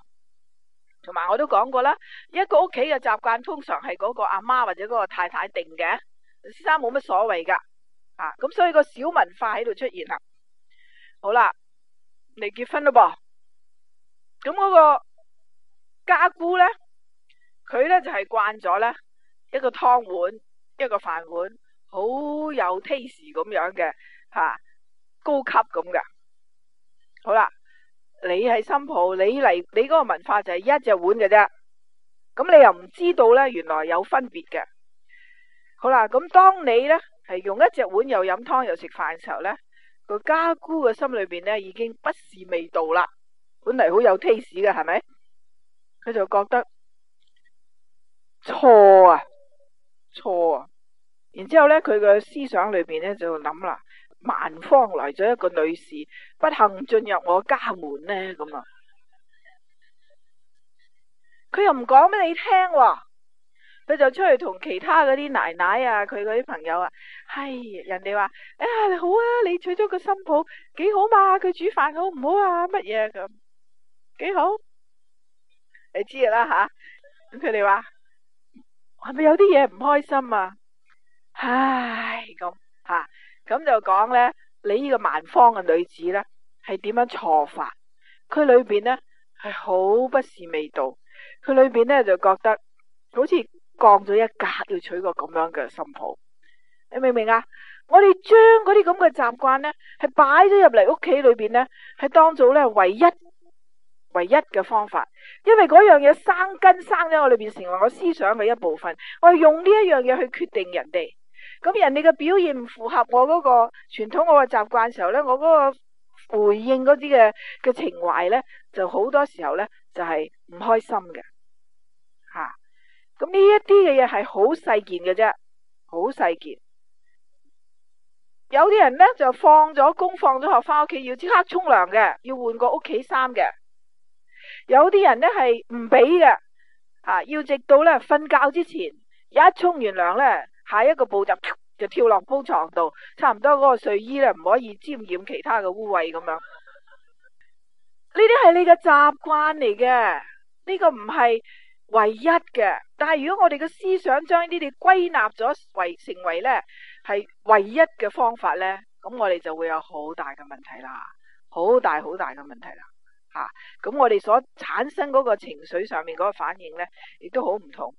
同埋我都講過啦，一個屋企嘅習慣通常係嗰個阿媽或者嗰個太太定嘅，先生冇乜所謂噶。啊，咁所以個小文化喺度出現啦。好啦，嚟結婚咯噃。咁嗰個家姑咧，佢咧就係慣咗咧。一個湯碗，一個飯碗，好有 taste 咁樣嘅，吓、啊、高級咁嘅。好啦，你係新抱，你嚟你嗰個文化就係一隻碗嘅啫。咁你又唔知道咧，原來有分別嘅。好啦，咁當你咧係用一隻碗又飲湯又食飯嘅時候咧，個家姑嘅心裏邊咧已經不是味道啦。本嚟好有 taste 嘅，係咪？佢就覺得錯啊！錯啊！然之後咧，佢嘅思想裏邊咧就諗啦，萬方嚟咗一個女士，不幸進入我家門咧，咁啊，佢又唔講俾你聽喎，佢就出去同其他嗰啲奶奶啊，佢嗰啲朋友啊，係人哋話，哎呀你好啊，你娶咗個新抱，幾好嘛，佢煮飯好唔好啊，乜嘢咁，幾好，你知嘅啦吓，咁佢哋話。係咪有啲嘢唔開心啊？唉，咁吓，咁就講咧，你呢個蠻方嘅女子咧，係點樣錯法？佢裏邊咧係好不是味道，佢裏邊咧就覺得好似降咗一格，要娶個咁樣嘅新抱。你明唔明啊？我哋將嗰啲咁嘅習慣咧，係擺咗入嚟屋企裏邊咧，係當做咧唯一。唯一嘅方法，因為嗰樣嘢生根生喺我裏邊，成為我思想嘅一部分。我係用呢一樣嘢去決定人哋，咁人哋嘅表現唔符合我嗰個傳統，我的的，我嘅習慣嘅時候咧，我嗰個回應嗰啲嘅嘅情懷咧，就好多時候咧就係、是、唔開心嘅。吓、啊，咁呢一啲嘅嘢係好細件嘅啫，好細件。有啲人咧就放咗工，放咗學，翻屋企要即刻沖涼嘅，要換個屋企衫嘅。有啲人咧係唔俾嘅，啊，要直到咧瞓覺之前，一沖完涼咧，下一個步驟就跳落鋪床度，差唔多嗰個睡衣咧唔可以沾染其他嘅污穢咁樣。呢啲係你嘅習慣嚟嘅，呢個唔係唯一嘅。但係如果我哋嘅思想將呢啲嘢歸納咗為成為咧係唯一嘅方法咧，咁我哋就會有好大嘅問題啦，好大好大嘅問題啦。吓，咁、啊、我哋所產生嗰個情緒上面嗰個反應咧，亦都好唔同。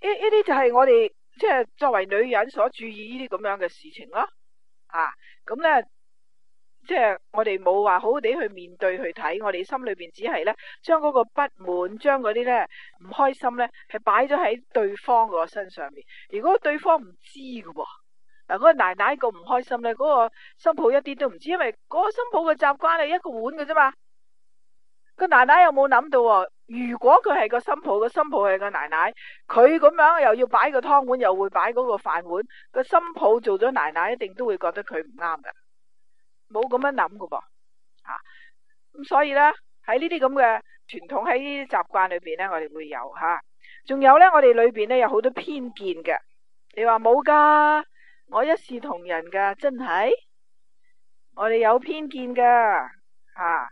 呢呢啲就係我哋即係作為女人所注意呢啲咁樣嘅事情咯。嚇、啊，咁咧即係我哋冇話好好地去面對去睇，我哋心裏邊只係咧將嗰個不滿，將嗰啲咧唔開心咧，係擺咗喺對方個身上面。如果對方唔知嘅喎，嗱、那、嗰個奶奶個唔開心咧，嗰、那個新抱一啲都唔知道，因為嗰個新抱嘅習慣係一個碗嘅啫嘛。個奶奶有冇諗到？如果佢係個新抱，個新抱係個奶奶，佢咁樣又要擺個湯碗，又會擺嗰個飯碗。個新抱做咗奶奶，一定都會覺得佢唔啱噶，冇咁樣諗噶噃吓。咁、啊、所以咧，喺呢啲咁嘅傳統、喺呢啲習慣裏邊咧，我哋會有吓。仲、啊、有咧，我哋裏邊咧有好多偏見嘅。你話冇噶，我一視同仁噶，真係？我哋有偏見噶吓、啊，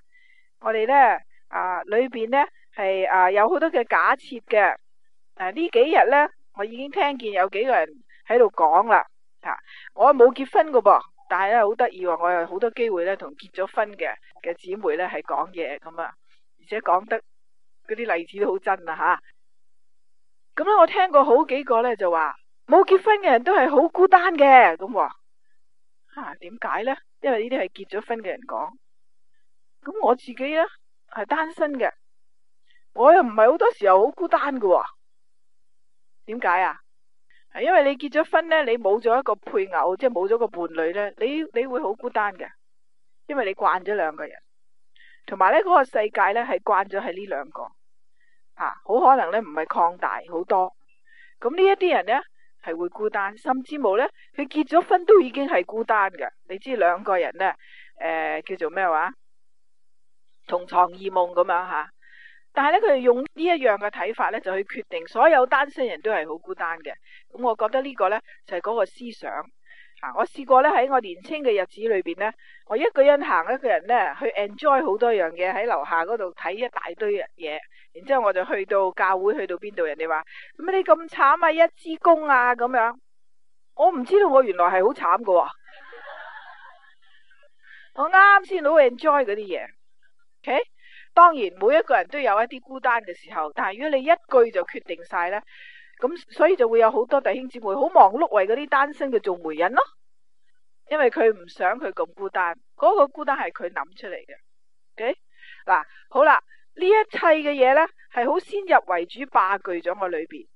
我哋咧。啊，裏邊咧係啊有好多嘅假設嘅。誒、啊，呢幾日咧我已經聽見有幾個人喺度講啦。吓、啊，我冇結婚噶噃，但係咧好得意喎，我有好多機會咧同結咗婚嘅嘅姊妹咧係講嘢咁啊，而且講得嗰啲例子都好真啊吓。咁、啊、咧我聽過好幾個咧就話，冇結婚嘅人都係好孤單嘅咁。吓、啊，點解咧？因為呢啲係結咗婚嘅人講。咁我自己咧。係單身嘅，我又唔係好多時候好孤單嘅、啊。點解啊？係因為你結咗婚咧，你冇咗一個配偶，即係冇咗個伴侶咧，你你會好孤單嘅，因為你慣咗兩個人，同埋咧嗰個世界咧係慣咗係呢兩個，啊，好可能咧唔係擴大好多。咁呢一啲人咧係會孤單，甚至冇咧，佢結咗婚了都已經係孤單嘅。你知兩個人咧，誒、呃，叫做咩話？同床異夢咁樣吓，但係咧佢哋用呢一樣嘅睇法咧，就去決定所有單身人都係好孤單嘅。咁我覺得呢個咧就係嗰個思想啊！我試過咧喺我年輕嘅日子裏邊咧，我一個人行一個人咧去 enjoy 好多樣嘢，喺樓下嗰度睇一大堆嘢，然之後我就去到教會去到邊度，人哋話，咁你咁慘啊，一支公啊咁樣，我唔知道我原來係好慘㗎喎， 我啱先好 enjoy 嗰啲嘢。O.K.，當然每一個人都有一啲孤單嘅時候，但係如果你一句就決定晒呢，咁所以就會有好多弟兄姊妹好忙碌為嗰啲單身嘅做媒人咯，因為佢唔想佢咁孤單。嗰個孤單係佢諗出嚟嘅。O.K. 嗱，好啦，呢一切嘅嘢呢係好先入為主霸據咗我裏邊，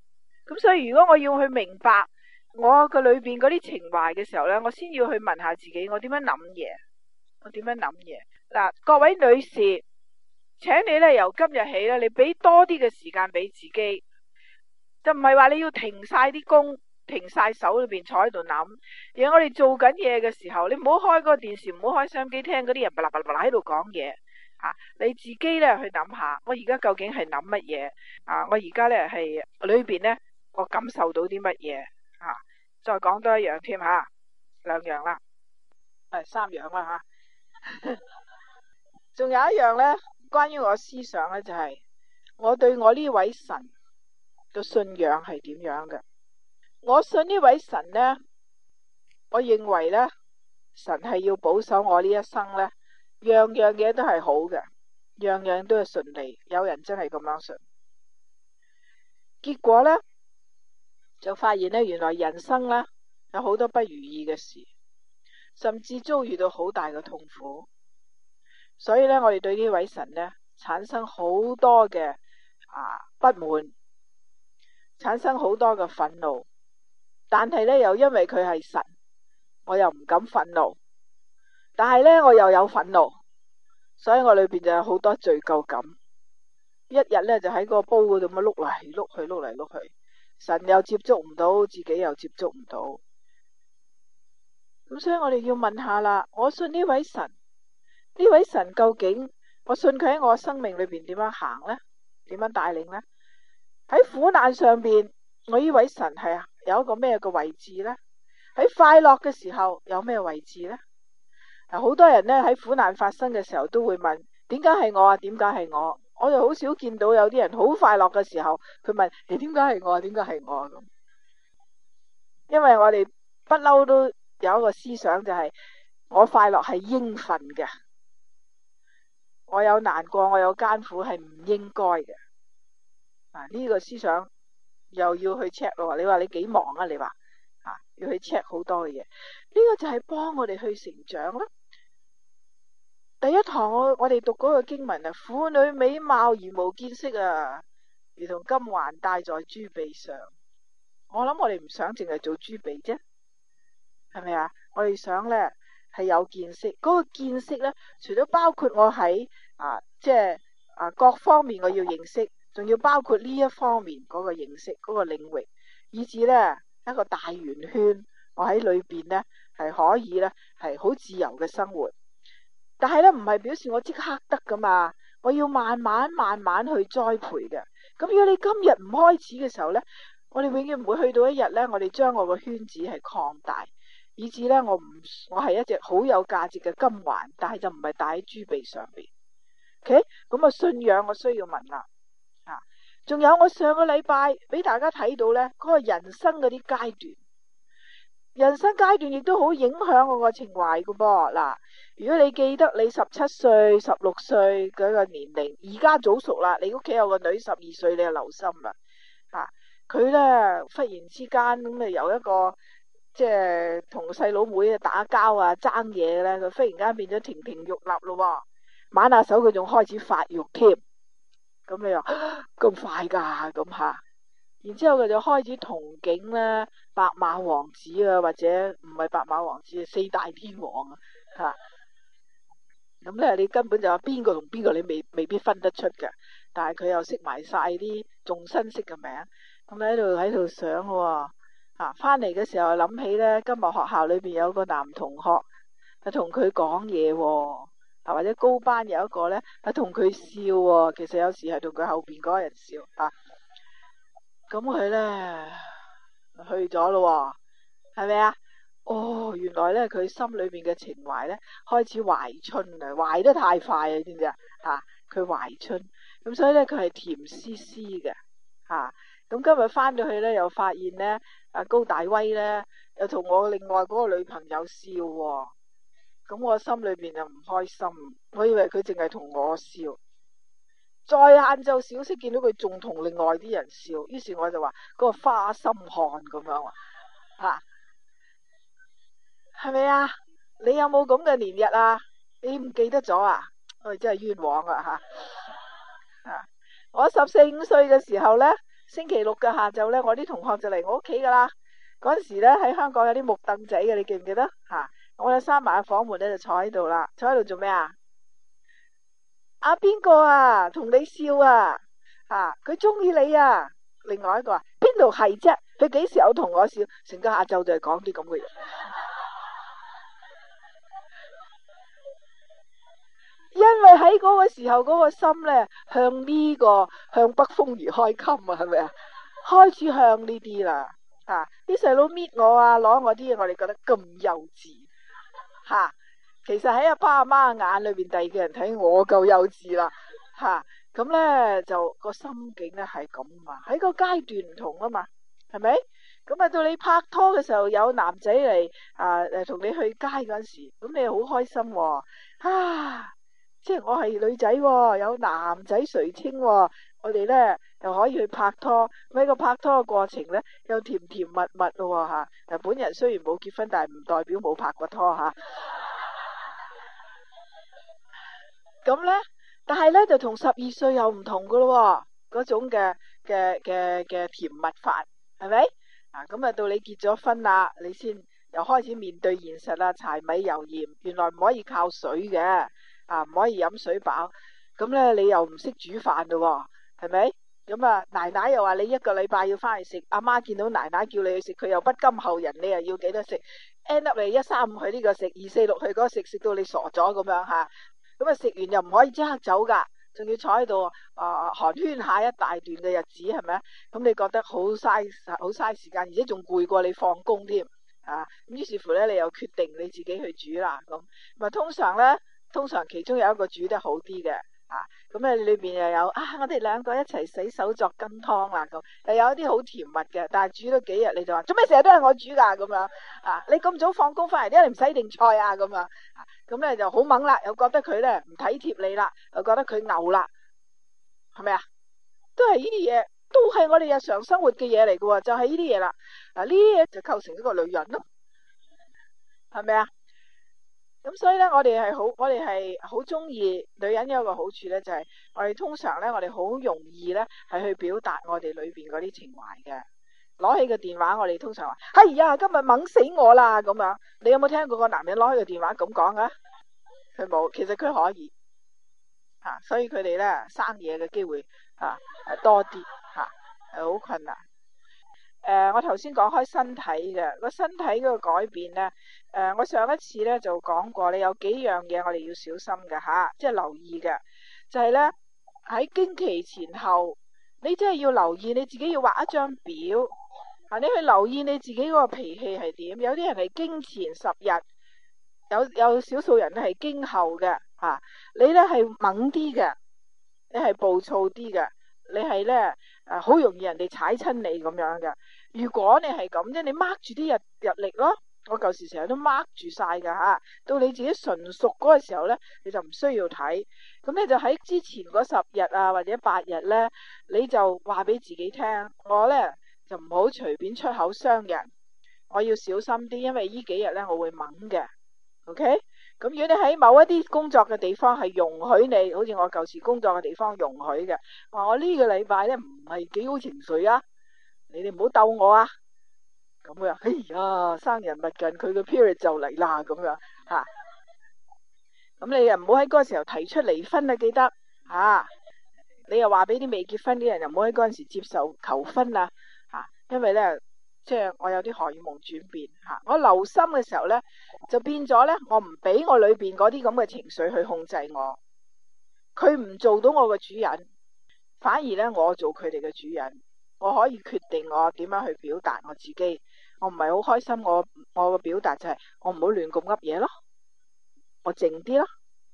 咁所以如果我要去明白我嘅裏邊嗰啲情懷嘅時候呢，我先要去問下自己，我怎想，我點樣諗嘢，我點樣諗嘢。各位女士，請你咧由今日起咧，你俾多啲嘅時間俾自己，就唔係話你要停晒啲工，停晒手裏邊坐喺度諗。而我哋做緊嘢嘅時候，你唔好開個電視，唔好開收音機聽嗰啲人，嗩嗩嗩嗩，喺度講嘢。吓，你自己咧去諗下，我而家究竟係諗乜嘢？啊，我而家咧係裏邊咧，我感受到啲乜嘢？吓、啊，再講多一、啊、樣添吓，兩樣啦，係三樣啦吓。啊呵呵仲有一樣呢，關於我思想呢，就係我對我呢位神嘅信仰係點樣嘅？我信呢位神呢，我認為呢，神係要保守我呢一生呢，樣樣嘢都係好嘅，樣樣都係順利。有人真係咁樣信，結果呢，就發現呢，原來人生呢，有好多不如意嘅事，甚至遭遇到好大嘅痛苦。所以咧，我哋對呢位神咧產生好多嘅啊不滿，產生好多嘅憤怒，但係咧又因為佢係神，我又唔敢憤怒，但係咧我又有憤怒，所以我裏邊就有好多罪疚感。一日咧就喺個煲度咁碌嚟碌去，碌嚟碌去，神又接觸唔到，自己又接觸唔到。咁所以我哋要問下啦，我信呢位神。呢位神究竟我信佢喺我生命裏邊點樣行呢？點樣帶領呢？喺苦難上邊，我呢位神係啊有一個咩個位置呢？喺快樂嘅時候有咩位置呢？好多人咧喺苦難發生嘅時候都會問：點解係我啊？點解係我？我就好少見到有啲人好快樂嘅時候，佢問：你點解係我啊？點解係我啊？咁，因為我哋不嬲都有一個思想，就係，就係我快樂係應份嘅。我有難過，我有艱苦，係唔應該嘅。啊，呢個思想又要去 check 咯。你話你幾忙啊？你話啊，要去 check 好多嘅嘢。呢個就係幫我哋去成長啦。第一堂我我哋讀嗰個經文啊，婦女美貌而無見識啊，如同金環戴在豬鼻上。我諗我哋唔想淨係做豬鼻啫，係咪啊？我哋想咧。係有見識，嗰個見識咧，除咗包括我喺啊，即係啊各方面我要認識，仲要包括呢一方面嗰個認識嗰個領域，以至咧一個大圓圈，我喺裏邊咧係可以咧係好自由嘅生活。但係咧唔係表示我即刻得噶嘛，我要慢慢慢慢去栽培嘅。咁如果你今日唔開始嘅時候咧，我哋永遠唔會去到一日咧，我哋將我個圈子係擴大。以至咧，我唔我係一隻好有價值嘅金環，但係就唔係戴喺豬鼻上邊。OK，咁啊，信仰我需要問啦。啊，仲有我上個禮拜俾大家睇到咧，嗰個人生嗰啲階段，人生階段亦都好影響我個情懷噶噃。嗱、啊，如果你記得你十七歲、十六歲嗰個年齡，而家早熟啦。你屋企有個女十二歲，你就留心啦。啊，佢咧忽然之間咁你有一個。即係同細佬妹打啊打交啊爭嘢咧，佢忽然間變咗亭亭玉立咯，挽下手，佢仲開始發育添，咁、嗯嗯、你話咁快噶咁吓？然之後佢就開始憧憬呢，白馬王子啊，或者唔係白馬王子四大天王啊吓，咁、啊、咧、嗯嗯、你根本就話邊個同邊個你未未必分得出嘅，但係佢又識埋晒啲仲新識嘅名，咁喺度喺度想喎、哦。啊！翻嚟嘅時候諗起咧，今日學校裏邊有一個男同學，佢同佢講嘢，或或者高班有一個咧，佢同佢笑，哦，其實有時係同佢後邊嗰個人笑啊。咁佢咧去咗咯，係咪啊？哦，原來咧佢心裏邊嘅情懷咧開始懷春啊，懷得太快知知啊，知唔知啊？吓，佢懷春，咁所以咧佢係甜絲絲嘅吓。咁今日翻到去咧，又發現咧。高大威咧，又同我另外嗰個女朋友笑，哦，咁我心裏邊又唔開心。我以為佢淨係同我笑，再晏晝小息見到佢仲同另外啲人笑，於是我就話：嗰個花心漢咁樣啊，吓，係咪啊？你有冇咁嘅年日啊？你唔記得咗、哎、啊？我哋真係冤枉啊！吓，我十四五歲嘅時候咧，星期六嘅下晝咧，我啲同學就嚟我屋企噶啦。嗰時咧喺香港有啲木凳仔嘅，你記唔記得？吓、啊，我又閂埋個房門呢，你就坐喺度啦。坐喺度做咩啊？阿邊個啊，同你笑啊？吓、啊，佢中意你啊？另外一個啊，邊度係啫？佢幾時有同我笑？成個下晝就係講啲咁嘅嘢。因為喺嗰個時候嗰、那個心咧，向呢、這個向北風而開襟啊，係咪啊？開始向呢啲啦，吓啲細佬搣我啊，攞我啲嘢，我哋覺得咁幼稚，吓、啊，其實喺阿爸阿媽眼裏邊，第二個人睇我夠幼稚啦，吓、啊，咁、嗯、咧就、那個心境咧係咁啊，喺個階段唔同啊嘛，係咪？咁啊到你拍拖嘅時候，有男仔嚟啊誒同你去街嗰陣時，咁你好開心喎、啊，啊！即係我係女仔，有男仔垂青，我哋咧又可以去拍拖。喺個拍拖嘅過程咧，又甜甜蜜蜜咯吓、啊。本人雖然冇結婚，但係唔代表冇拍過拖吓。咁、啊、咧， 但係咧就同十二歲又唔同噶咯，嗰種嘅嘅嘅嘅甜蜜法係咪？啊，咁啊到你結咗婚啦，你先又開始面對現實啦，柴米油鹽，原來唔可以靠水嘅。啊，唔可以飲水飽，咁咧你又唔識煮飯咯、哦，係咪？咁啊，奶奶又話你一個禮拜要翻去食，阿、啊、媽見到奶奶叫你去食，佢又不甘後人，你又要幾多食？end up 你一三五去呢個食，二四六去嗰個食，食到你傻咗咁樣吓，咁啊食、啊、完又唔可以即刻走噶，仲要坐喺度啊寒暄下一大段嘅日子，係咪？咁你覺得好嘥好嘥時間，而且仲攰過你放工添，啊！咁、啊、於是乎咧，你又決定你自己去煮啦，咁、啊、咪通常咧。通常其中有一個煮得好啲嘅，啊咁咧裏邊又有啊，我哋兩個一齊洗手作羹湯啦、啊、咁，又有一啲好甜蜜嘅，但係煮多幾日你就話做咩成日都係我煮噶咁樣啊？你咁早放工翻嚟點解你唔使定菜啊咁樣咁咧、啊、就好猛啦，又覺得佢咧唔體貼你啦，又覺得佢嘔啦，係咪啊？都係呢啲嘢，都係我哋日常生活嘅嘢嚟嘅喎，就係呢啲嘢啦。嗱呢啲嘢就構成一個女人咯，係咪啊？咁所以咧，我哋係好，我哋係好中意女人有一個好處咧，就係、是、我哋通常咧，我哋好容易咧係去表達我哋裏邊嗰啲情懷嘅。攞起個電話，我哋通常話，哎呀，今日掹死我啦！咁樣，你有冇聽過個男人攞起個電話咁講啊？佢冇，其實佢可以，啊、所以佢哋咧生嘢嘅機會、啊啊、多啲，吓、啊、好困難。誒、呃，我頭先講開身體嘅個身體個改變咧。誒、呃，我上一次咧就講過，你有幾樣嘢我哋要小心嘅吓，即係留意嘅，就係咧喺經期前後，你真係要留意你自己要畫一張表，吓，你去留意你自己個脾氣係點。有啲人係經前十日，有有少數人咧係經後嘅吓，你咧係猛啲嘅，你係暴躁啲嘅，你係咧誒好容易人哋踩親你咁樣嘅。如果你係咁啫，你 mark 住啲日日曆咯。我舊時成日都 mark 住晒噶吓，到你自己純熟嗰個時候咧，你就唔需要睇。咁你就喺之前嗰十日啊或者八日咧，你就話俾自己聽，我咧就唔好隨便出口傷人，我要小心啲，因為呢幾日咧我會掹嘅。OK，咁如果你喺某一啲工作嘅地方係容許你，好似我舊時工作嘅地方容許嘅，話我呢個禮拜咧唔係幾好情緒啊，你哋唔好逗我啊！咁樣，哎呀，生人勿近，佢個 period 就嚟啦。咁樣吓，咁、啊、你又唔好喺嗰個時候提出離婚啊！記得吓、啊，你又話俾啲未結婚啲人又唔好喺嗰陣時接受求婚啊！吓，因為咧，即係我有啲荷爾蒙轉變吓、啊，我留心嘅時候咧，就變咗咧，我唔俾我裏邊嗰啲咁嘅情緒去控制我，佢唔做到我嘅主人，反而咧我做佢哋嘅主人，我可以決定我點樣去表達我自己。我唔係好開心，我我嘅表達就係我唔好亂咁噏嘢咯，我靜啲咯，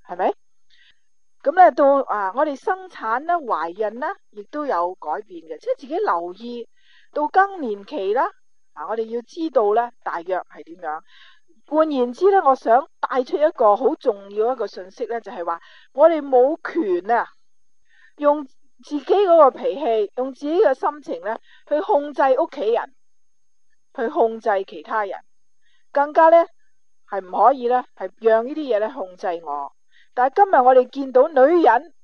係咪？咁咧到啊，我哋生產咧、懷孕咧，亦都有改變嘅，即係自己留意到更年期啦。嗱、啊，我哋要知道咧，大約係點樣？換言之咧，我想帶出一個好重要的一個信息咧，就係、是、話我哋冇權啊，用自己嗰個脾氣、用自己嘅心情咧，去控制屋企人。去控制其他人，更加咧係唔可以咧係讓呢啲嘢咧控制我。但係今日我哋見到女人，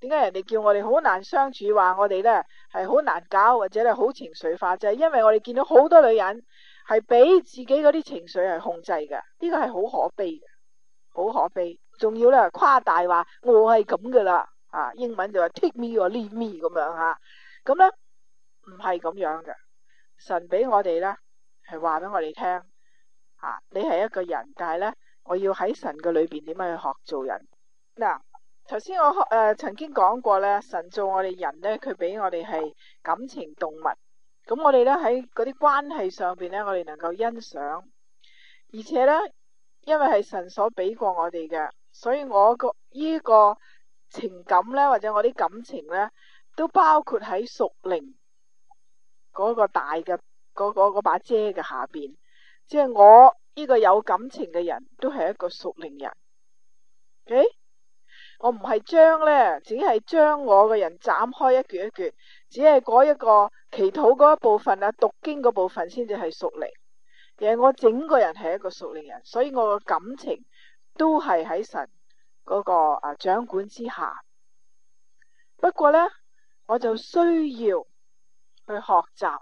點解人哋叫我哋好難相處，話我哋咧係好難搞或者咧好情緒化，就係因為我哋見到好多女人係俾自己嗰啲情緒係控制嘅，呢個係好可悲，好可悲。仲要咧誇大話我係咁噶啦，啊，英文就話 take me or leave me 咁樣吓，咁咧唔係咁樣嘅。神俾我哋咧，係話俾我哋聽，吓、啊、你係一個人，但係呢，我要喺神嘅裏邊點樣去學做人。嗱、啊，頭先我誒、呃、曾經講過呢，神做我哋人呢，佢俾我哋係感情動物。咁我哋呢喺嗰啲關係上邊呢，我哋能夠欣賞，而且呢，因為係神所俾過我哋嘅，所以我個呢個情感呢，或者我啲感情呢，都包括喺屬靈，嗰個大嘅嗰把遮嘅下邊，即係我呢、這個有感情嘅人都係一個屬靈人。誒、okay?，我唔係將咧，只係將我嘅人斬開一橛一橛，只係嗰一個祈禱嗰一部分啊，讀經嗰部分先至係屬靈。其實我整個人係一個屬靈人，所以我嘅感情都係喺神嗰個啊掌管之下。不過咧，我就需要。去學習，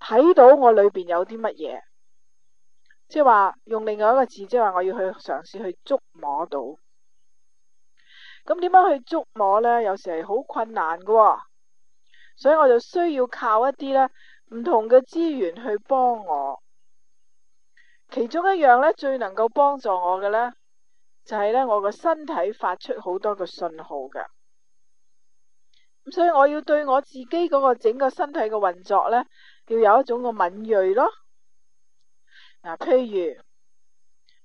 睇到我裏邊有啲乜嘢，即係話用另外一個字，即係話我要去嘗試去捉摸到。咁點樣去捉摸咧？有時係好困難噶喎，所以我就需要靠一啲咧唔同嘅資源去幫我。其中一樣咧，最能夠幫助我嘅咧，就係咧我個身體發出好多嘅信號㗎。咁所以我要對我自己嗰個整個身體嘅運作咧，要有一種個敏銳咯。嗱，譬如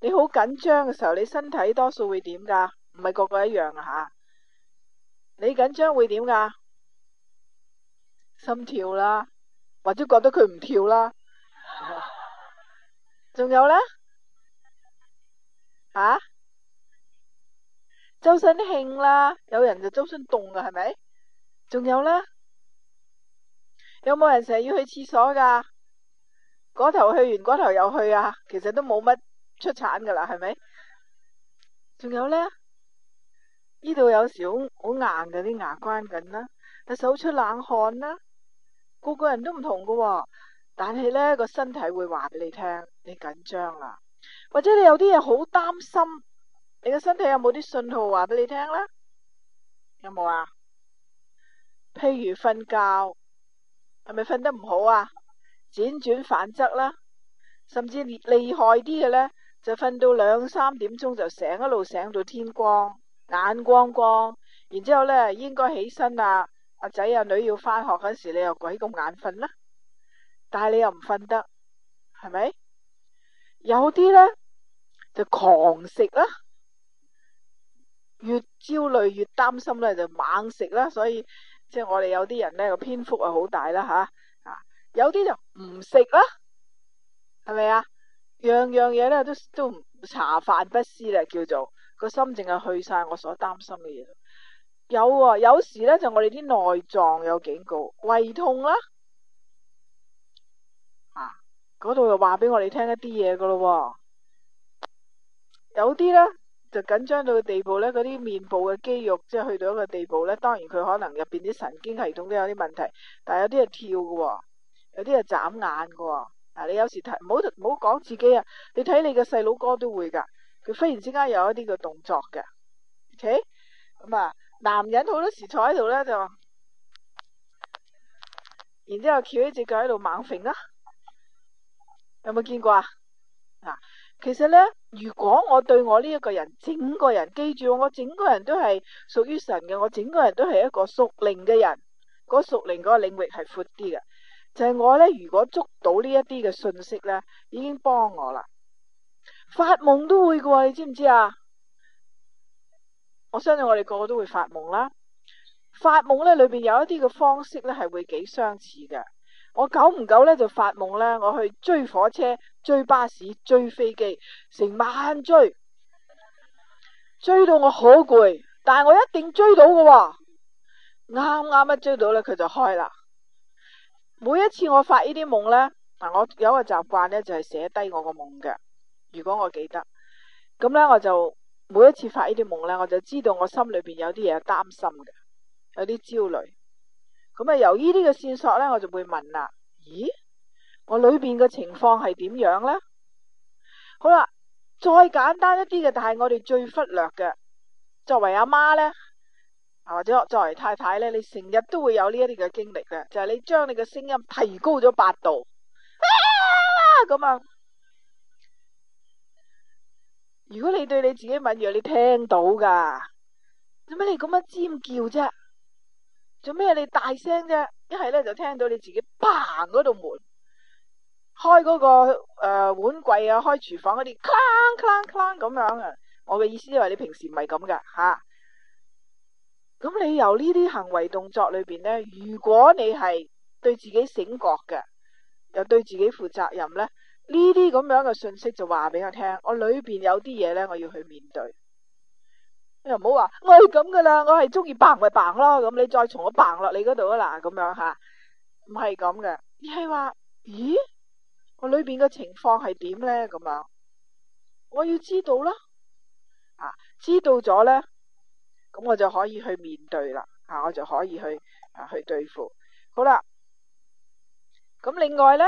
你好緊張嘅時候，你身體多數會點噶？唔係個個一樣啊吓。你緊張會點噶？心跳啦，或者覺得佢唔跳啦。仲有咧，吓？周身興啦，有人就周身凍啦，係咪？仲有咧，有冇人成日要去廁所噶？嗰頭去完，嗰頭又去啊！其實都冇乜出產噶啦，係咪？仲有咧，呢度有時好硬嘅啲牙關緊啦，手出冷汗啦，個個人都唔同噶，但係咧個身體會話俾你聽，你緊張啦，或者你有啲嘢好擔心，你嘅身體有冇啲信號話俾你聽咧？有冇啊？譬如瞓覺係咪瞓得唔好啊？輾轉反側啦，甚至厲害啲嘅，咧，就瞓到兩三點鐘就醒，一路醒到天光，眼光光。然之後咧，應該起身啊，阿仔阿女要翻學嗰時，你又鬼咁眼瞓啦。但係你又唔瞓得，係咪？有啲咧就狂食啦，越焦慮越擔心咧，就猛食啦，所以。即係我哋有啲人咧，個篇幅係好大啦吓，啊，有啲就唔食啦，係咪啊？樣樣嘢咧都都唔茶飯不思咧，叫做個心淨係去晒我所擔心嘅嘢。有、啊，有時咧就我哋啲內臟有警告，胃痛啦，啊嗰度又話俾我哋聽一啲嘢噶咯。有啲咧。就緊張到嘅地步咧，嗰啲面部嘅肌肉即係、就是、去到一個地步咧，當然佢可能入邊啲神經系統都有啲問題，但係有啲係跳嘅，有啲係眨眼嘅。嗱、啊，你有時睇唔好唔好講自己啊，你睇你嘅細佬哥都會噶，佢忽然之間有一啲嘅動作嘅，ok，咁啊，男人好多時坐喺度咧就，然之後翹起隻腳喺度猛揈啦，有冇見過啊？嗱，其實咧。如果我對我呢一個人，整個人，記住我整個人都係屬於神嘅，我整個人都係一個屬靈嘅人。嗰屬靈嗰個領域係闊啲嘅，就係、是、我咧。如果捉到呢一啲嘅信息咧，已經幫我啦。發夢都會嘅喎，你知唔知啊？我相信我哋個個都會發夢啦。發夢咧，裏邊有一啲嘅方式咧，係會幾相似嘅。我久唔久咧就發夢咧，我去追火車。追巴士，追飛機，成晚追，追到我好攰，但係我一定追到嘅喎。啱啱一追到咧，佢就開啦。每一次我發呢啲夢咧，嗱，我有一個習慣咧，就係寫低我個夢嘅。如果我記得，咁咧我就每一次發呢啲夢咧，我就知道我心裏邊有啲嘢擔心嘅，有啲焦慮。咁啊，由於呢個線索咧，我就會問啦：，咦？我裏邊嘅情況係點樣咧？好啦，再簡單一啲嘅，但係我哋最忽略嘅，作為阿媽咧，或者作為太太咧，你成日都會有呢一啲嘅經歷嘅，就係、是、你將你嘅聲音提高咗八度，咁啊！如果你對你自己敏銳，你聽到噶，做咩你咁樣尖叫啫？做咩你大聲啫？一係咧就聽到你自己嘭嗰度門。開嗰、那個誒、呃、碗櫃啊，開廚房嗰啲 clang clang clang 咁樣啊！我嘅意思就係你平時唔係咁嘅。吓、啊，咁你由呢啲行為動作裏邊咧，如果你係對自己醒覺嘅，又對自己負責任咧，呢啲咁樣嘅信息就話俾我聽，我裏邊有啲嘢咧，我要去面對。你又唔好話我係咁噶啦，我係中意扮咪扮咯，咁你再從我扮落你嗰度啊嗱，咁樣吓，唔係咁嘅，而係話咦？我裏邊嘅情況係點呢？咁樣，我要知道啦。啊，知道咗呢，咁我就可以去面對啦。啊，我就可以去，啊，去對付。好啦，咁另外呢，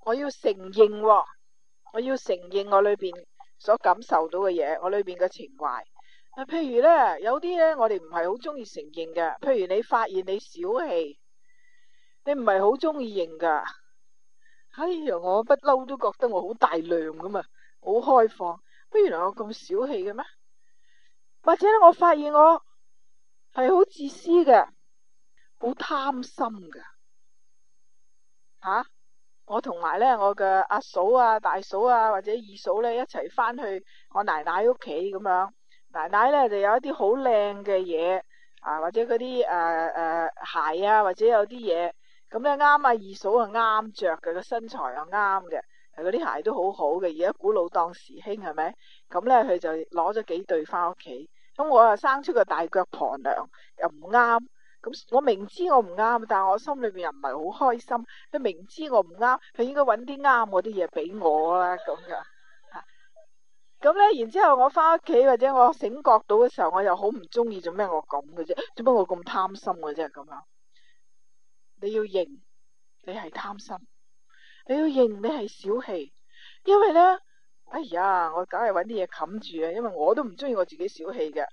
我要承認哦，我要承認我裏邊所感受到嘅嘢，我裏邊嘅情懷。啊，譬如呢，有啲呢，我哋唔係好中意承認嘅。譬如你發現你小氣，你唔係好中意認噶。哎呀，我不嬲都覺得我好大量噶嘛，好開放，不如原來我咁小氣嘅咩？或者咧，我發現我係好自私嘅，好貪心噶。吓、啊，我同埋咧我嘅阿嫂啊、大嫂啊或者二嫂咧一齊返去我奶奶屋企咁樣，奶奶咧就有一啲好靚嘅嘢啊，或者嗰啲誒誒鞋啊，或者有啲嘢。咁咧啱啊，二嫂啊啱着嘅，個身材又啱嘅，係嗰啲鞋都好好嘅。而家古老當時興係咪？咁咧佢就攞咗幾對翻屋企。咁我又生出個大腳婆娘，又唔啱。咁我明知我唔啱，但係我心裏邊又唔係好開心。佢明知我唔啱，佢應該揾啲啱我啲嘢俾我啦，咁樣。咁咧，然之後我翻屋企或者我醒覺到嘅時候，我又好唔中意做咩？我咁嘅啫？點解我咁貪心嘅啫？咁樣。你要認你係貪心，你要認你係小氣，因為咧，哎呀，我梗係揾啲嘢冚住啊！因為我都唔中意我自己小氣嘅，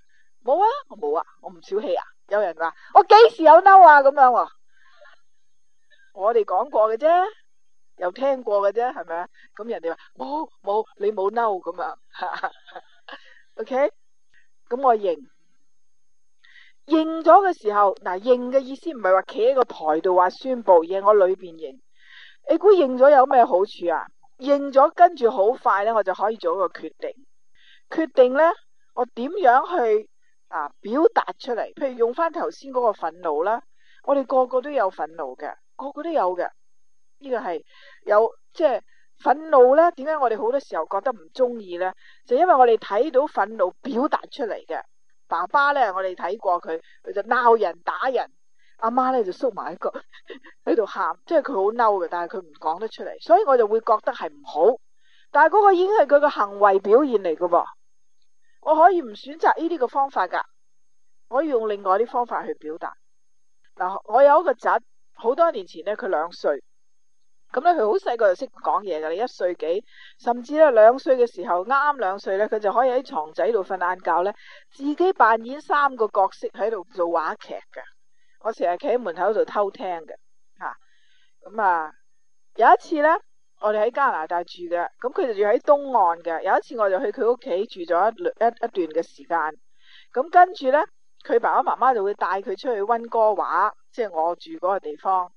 冇啊，我冇啊，我唔小氣啊！有人話我幾時有嬲啊？咁樣，我哋講過嘅啫，又聽過嘅啫，係咪啊？咁人哋話冇冇，你冇嬲咁啊。OK，咁我認。認咗嘅時候，嗱，認嘅意思唔係話企喺個台度話宣布嘢，而係我裏邊認。你估認咗有咩好處啊？認咗跟住好快咧，我就可以做一個決定。決定咧，我點樣去啊表達出嚟？譬如用翻頭先嗰個憤怒啦，我哋個個都有憤怒嘅，個個都有嘅。呢、這個係有即係、就是、憤怒咧？點解我哋好多時候覺得唔中意咧？就因為我哋睇到憤怒表達出嚟嘅。爸爸咧，我哋睇過佢，佢就鬧人打人。阿媽咧就縮埋喺個喺度喊，即係佢好嬲嘅，但係佢唔講得出嚟，所以我就會覺得係唔好。但係嗰個已經係佢嘅行為表現嚟噶噃，我可以唔選擇呢啲個方法噶，我可以用另外啲方法去表達。嗱，我有一個侄，好多年前咧，佢兩歲。咁咧，佢好細個就識講嘢噶，一歲幾，甚至咧兩歲嘅時候，啱啱兩歲咧，佢就可以喺床仔度瞓晏覺咧，自己扮演三個角色喺度做話劇噶。我成日企喺門口度偷聽嘅吓。咁啊、嗯、啊，有一次咧，我哋喺加拿大住嘅，咁、嗯、佢就住喺東岸嘅。有一次，我就去佢屋企住咗一一一段嘅時間。咁、嗯、跟住咧，佢爸爸媽媽就會帶佢出去溫哥華，即、就、係、是、我住嗰個地方。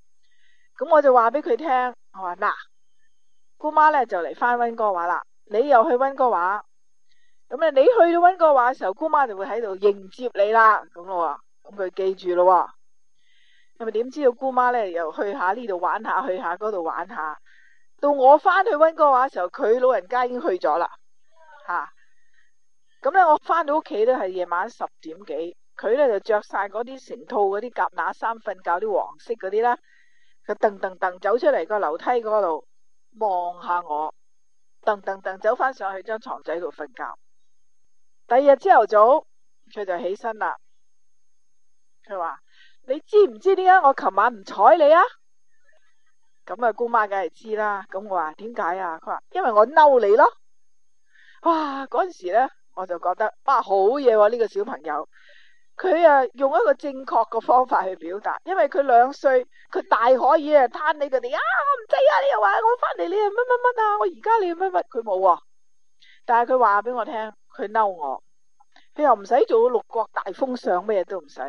咁、嗯、我就話俾佢聽。我話嗱，姑媽咧就嚟翻溫哥華啦，你又去溫哥華，咁啊，你去到溫哥華嘅時候，姑媽就會喺度迎接你啦，咁我話，咁佢記住咯喎，咁咪？點知道姑媽咧又去下呢度玩下，去下嗰度玩下，到我翻去溫哥華嘅時候，佢老人家已經去咗啦，吓、啊，咁咧我翻到屋企都係夜晚十點幾，佢咧就着晒嗰啲成套嗰啲夾乸衫瞓覺，啲黃色嗰啲啦。佢噔噔噔走出嚟個樓梯嗰度，望下我，噔噔噔走翻上去張床仔度瞓覺。第二日朝頭早，佢就起身啦。佢話：你知唔知點解我琴晚唔睬你啊？咁啊，姑媽梗係知啦。咁我話點解啊？佢話，因為我嬲你咯。哇！嗰陣時咧，我就覺得哇，好嘢喎！呢個小朋友。佢啊，用一個正確嘅方法去表達，因為佢兩歲，佢大可以啊，攤你佢哋啊，我唔制啊，你又話我翻嚟，你又乜乜乜啊，我而家你要乜乜，佢冇啊。但係佢話俾我聽，佢嬲我，佢又唔使做六國大封相，咩嘢都唔使。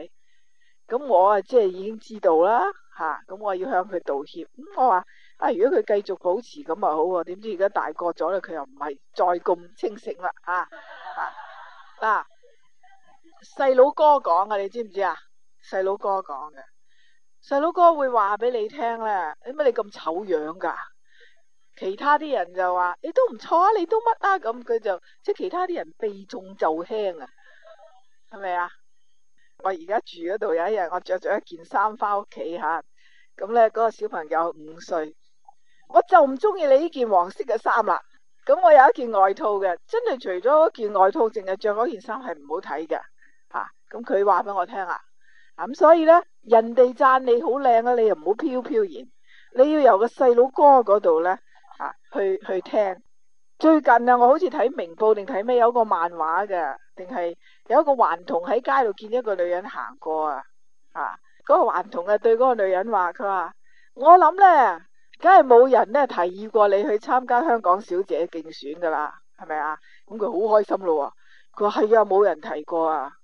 咁我啊，即係已經知道啦，吓、啊，咁我要向佢道歉。咁、嗯、我話啊，如果佢繼續保持咁啊好，點知而家大個咗咧，佢又唔係再咁清醒啦，吓吓嗱。啊啊細佬哥講噶，你知唔知啊？細佬哥講嘅，細佬哥會話俾你聽咧。點解你咁醜樣噶？其他啲人就話你都唔錯啊，你都乜啊？咁佢就即係其他啲人避重就輕啊，係咪啊？我而家住嗰度有一日，我着咗一件衫翻屋企吓，咁咧嗰個小朋友五歲，我就唔中意你呢件黃色嘅衫啦。咁我有一件外套嘅，真係除咗件外套，淨係着嗰件衫係唔好睇嘅。咁佢話俾我聽啊，咁所以咧，人哋讚你好靚啊，你又唔好飄飄然，你要由個細佬哥嗰度咧啊去去聽。最近啊，我好似睇明報定睇咩，有個漫畫嘅，定係有一個頑童喺街度見一個女人行過啊，嗰、啊嗰個頑童啊對嗰個女人話，佢話我諗咧，梗係冇人咧提議過你去參加香港小姐競選噶啦，係咪啊？咁佢好開心咯，佢話係啊，冇人提過啊。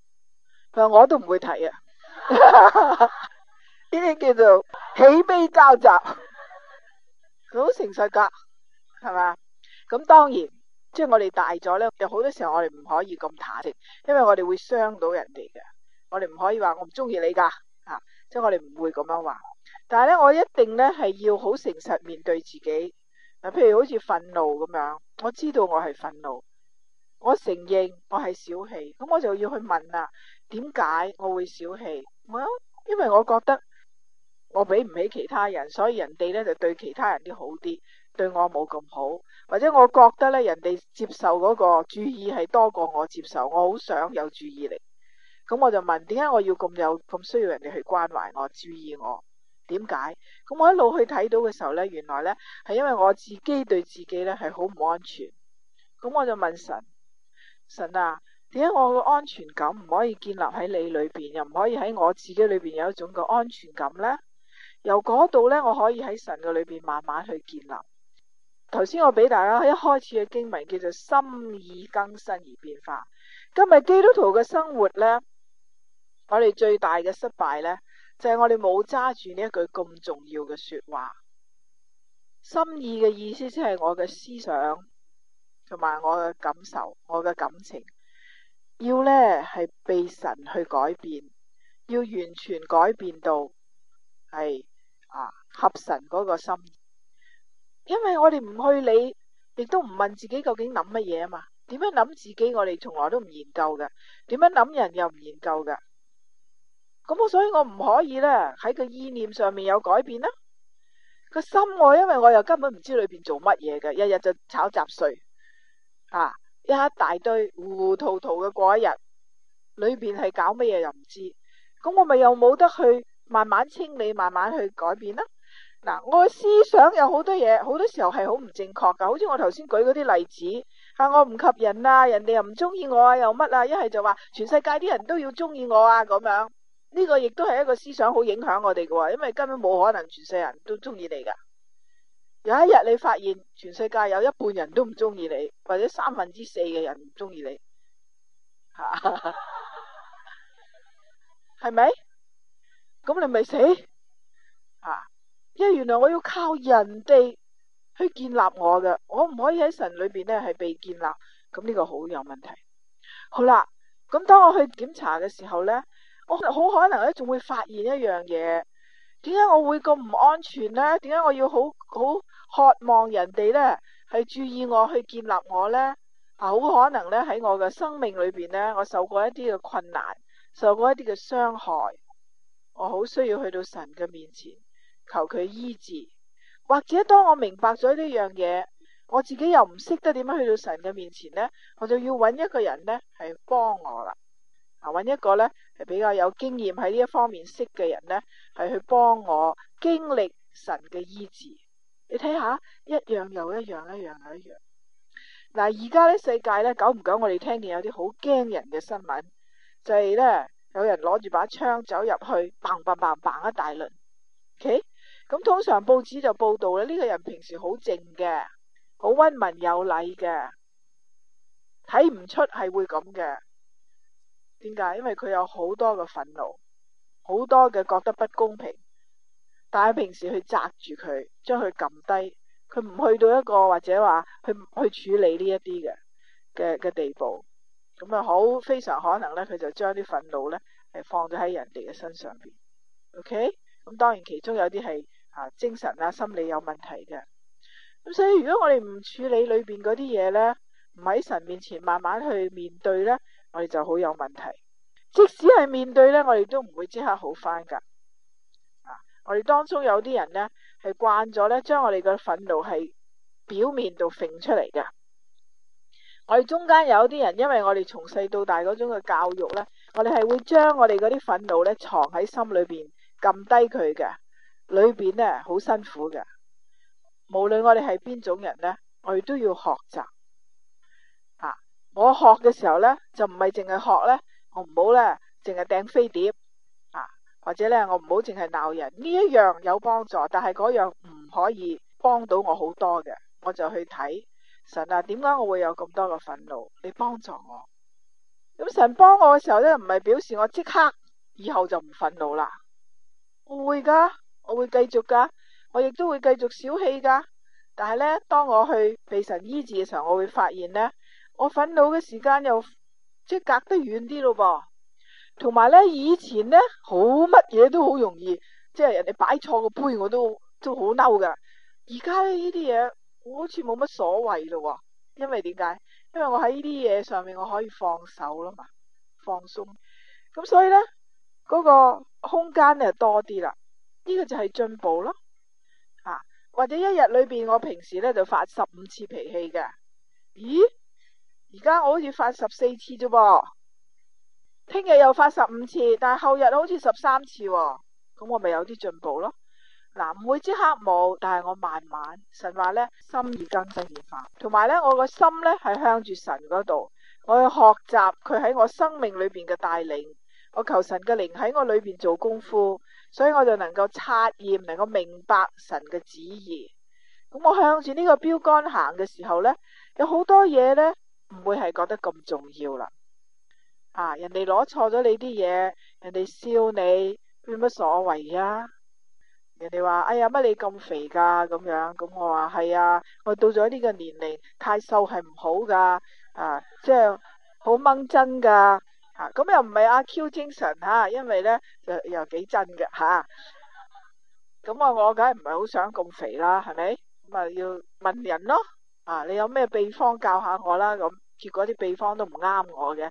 我都唔會睇啊！呢啲叫做喜悲交集 誠。好誠實噶，係嘛？咁當然，即係我哋大咗咧，有好多時候我哋唔可以咁坦誠，因為我哋會傷到人哋嘅。我哋唔可以話我唔中意你㗎，嚇！即係我哋唔會咁樣話。但係咧，我一定咧係要好誠實面對自己。嗱，譬如好似憤怒咁樣，我知道我係憤怒，我承認我係小氣，咁我就要去問啦。點解我會小氣？因為我覺得我比唔起其他人，所以人哋咧就對其他人啲好啲，對我冇咁好，或者我覺得咧人哋接受嗰個注意係多過我接受，我好想有注意力。咁我就問：點解我要咁有咁需要人哋去關懷我、注意我？點解？咁我一路去睇到嘅時候咧，原來咧係因為我自己對自己咧係好唔安全。咁我就問神：神啊！點解我個安全感唔可以建立喺你裏邊，又唔可以喺我自己裏邊有一種個安全感呢？由嗰度呢，我可以喺神個裏邊慢慢去建立。頭先我俾大家一開始嘅經文叫做心意更新而變化，今日基督徒嘅生活呢，我哋最大嘅失敗呢，就係、是、我哋冇揸住呢一句咁重要嘅說話。心意嘅意思即係我嘅思想同埋我嘅感受、我嘅感情。要咧係被神去改變，要完全改變到係啊合神嗰個心意。因為我哋唔去理，亦都唔問自己究竟諗乜嘢啊嘛？點樣諗自己，我哋從來都唔研究嘅。點樣諗人又唔研究嘅。咁我所以我唔可以咧喺個意念上面有改變啦。個心我因為我又根本唔知裏邊做乜嘢嘅，一日就炒雜碎啊。一大堆糊糊塗塗嘅過一日，裏邊係搞乜嘢又唔知，咁我咪又冇得去慢慢清理、慢慢去改變啦。嗱，我思想有好多嘢，好多時候係好唔正確噶，好似我頭先舉嗰啲例子，吓我唔及人啊，人哋又唔中意我啊，又乜啊，一係就話全世界啲人都要中意我啊咁樣，呢個亦都係一個思想好影響我哋噶，因為根本冇可能全世界人都中意你噶。有一日你發現全世界有一半人都唔中意你，或者三分之四嘅人唔中意你，係 咪？ 咁你咪死啊！因為原來我要靠人哋去建立我嘅，我唔可以喺神裏邊咧係被建立，咁呢個好有問題。好啦，咁當我去檢查嘅時候咧，我好可能咧仲會發現一樣嘢，點解我會咁唔安全咧？點解我要好？好渴望人哋呢，係注意我去建立我呢。啊！好可能呢，喺我嘅生命裏邊呢，我受過一啲嘅困難，受過一啲嘅傷害，我好需要去到神嘅面前求佢醫治。或者當我明白咗呢樣嘢，我自己又唔識得點樣去到神嘅面前呢，我就要揾一個人呢，係幫我啦。啊，揾一個呢，係比較有經驗喺呢一方面識嘅人呢，係去幫我經歷神嘅醫治。你睇下，一樣又一樣，一樣又一樣。嗱，而家呢世界咧，久唔久我哋聽見有啲好驚人嘅新聞，就係、是、咧有人攞住把槍走入去，砰砰砰砰一大輪。OK，咁通常報紙就報道咧呢、這個人平時好靜嘅，好溫文有禮嘅，睇唔出係會咁嘅。點解？因為佢有好多嘅憤怒，好多嘅覺得不公平。但係平時去紮住佢，將佢撳低，佢唔去到一個或者話去去處理呢一啲嘅嘅嘅地步，咁啊好非常可能咧，佢就將啲憤怒咧係放咗喺人哋嘅身上邊。OK，咁當然其中有啲係啊精神啊心理有問題嘅。咁所以如果我哋唔處理裏邊嗰啲嘢咧，唔喺神面前慢慢去面對咧，我哋就好有問題。即使係面對咧，我哋都唔會即刻好翻噶。我哋當中有啲人呢，係慣咗呢將我哋嘅憤怒係表面度揈出嚟嘅。我哋中間有啲人，因為我哋從細到大嗰種嘅教育呢，我哋係會將我哋嗰啲憤怒呢藏喺心裏邊，撳低佢嘅，裏邊呢，好辛苦嘅。無論我哋係邊種人呢，我哋都要學習。啊，我學嘅時候呢，就唔係淨係學呢，我唔好呢，淨係掟飛碟。或者咧，我唔好淨係鬧人，呢一樣有幫助，但係嗰樣唔可以幫到我好多嘅，我就去睇神啊。點解我會有咁多嘅憤怒？你幫助我，咁神幫我嘅時候咧，唔係表示我即刻以後就唔憤怒啦，我會噶，我會繼續噶，我亦都會繼續小氣噶。但係咧，當我去被神醫治嘅時候，我會發現咧，我憤怒嘅時間又即隔得遠啲咯噃。同埋咧，以前咧好乜嘢都好容易，即係人哋擺錯個杯，我都都好嬲㗎。而家呢啲嘢，我好似冇乜所謂咯。因為點解？因為我喺呢啲嘢上面，我可以放手啦嘛，放鬆。咁所以咧，嗰、那個空間就多啲啦。呢、這個就係進步咯。啊，或者一日裏邊，我平時咧就發十五次脾氣嘅。咦？而家我好似發十四次啫噃。聽日又發十五次，但係後日好似十三次，哦，咁我咪有啲進步咯。嗱，啊，唔會即刻冇，但係我慢慢。神話呢，心意更新變化，同埋呢，我個心呢係向住神嗰度，我要學習佢喺我生命裏邊嘅帶領，我求神嘅靈喺我裏邊做功夫，所以我就能夠察驗，能夠明白神嘅旨意。咁我向住呢個標杆行嘅時候呢，有好多嘢呢唔會係覺得咁重要啦。啊！人哋攞錯咗你啲嘢，人哋笑你，有乜所謂啊？人哋話：哎呀，乜你咁肥噶？咁樣咁，我話係啊，我到咗呢個年齡，太瘦係唔好噶。啊，即係好掹真噶。啊，咁又唔係阿 Q 精神吓，因為咧又又幾真嘅吓。咁我我梗係唔係好想咁肥啦，係咪？咁啊要問人咯。啊，你有咩秘方教下我啦？咁結果啲秘方都唔啱我嘅。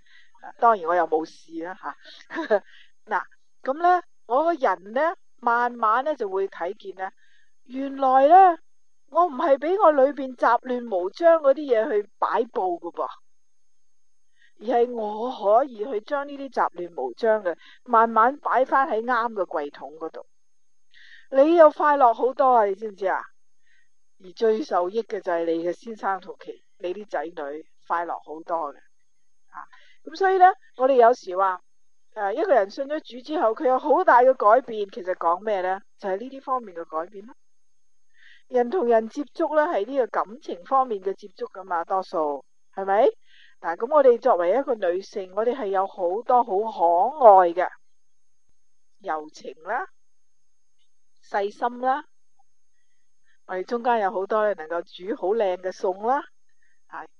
當然我又冇事啦吓，嗱咁咧，我個人咧，慢慢咧就會睇見咧，原來咧，我唔係俾我裏邊雜亂無章嗰啲嘢去擺佈噶噃，而係我可以去將呢啲雜亂無章嘅慢慢擺翻喺啱嘅櫃桶嗰度，你又快樂好多啊！你知唔知啊？而最受益嘅就係你嘅先生同其你啲仔女快樂好多嘅。咁所以咧，我哋有時話誒、呃，一個人信咗主之後，佢有好大嘅改變。其實講咩咧？就係呢啲方面嘅改變啦。人同人接觸咧，係呢個感情方面嘅接觸噶嘛，多數係咪？嗱，咁我哋作為一個女性，我哋係有好多好可愛嘅柔情啦、細心啦。我哋中間有好多人能夠煮好靚嘅餸啦。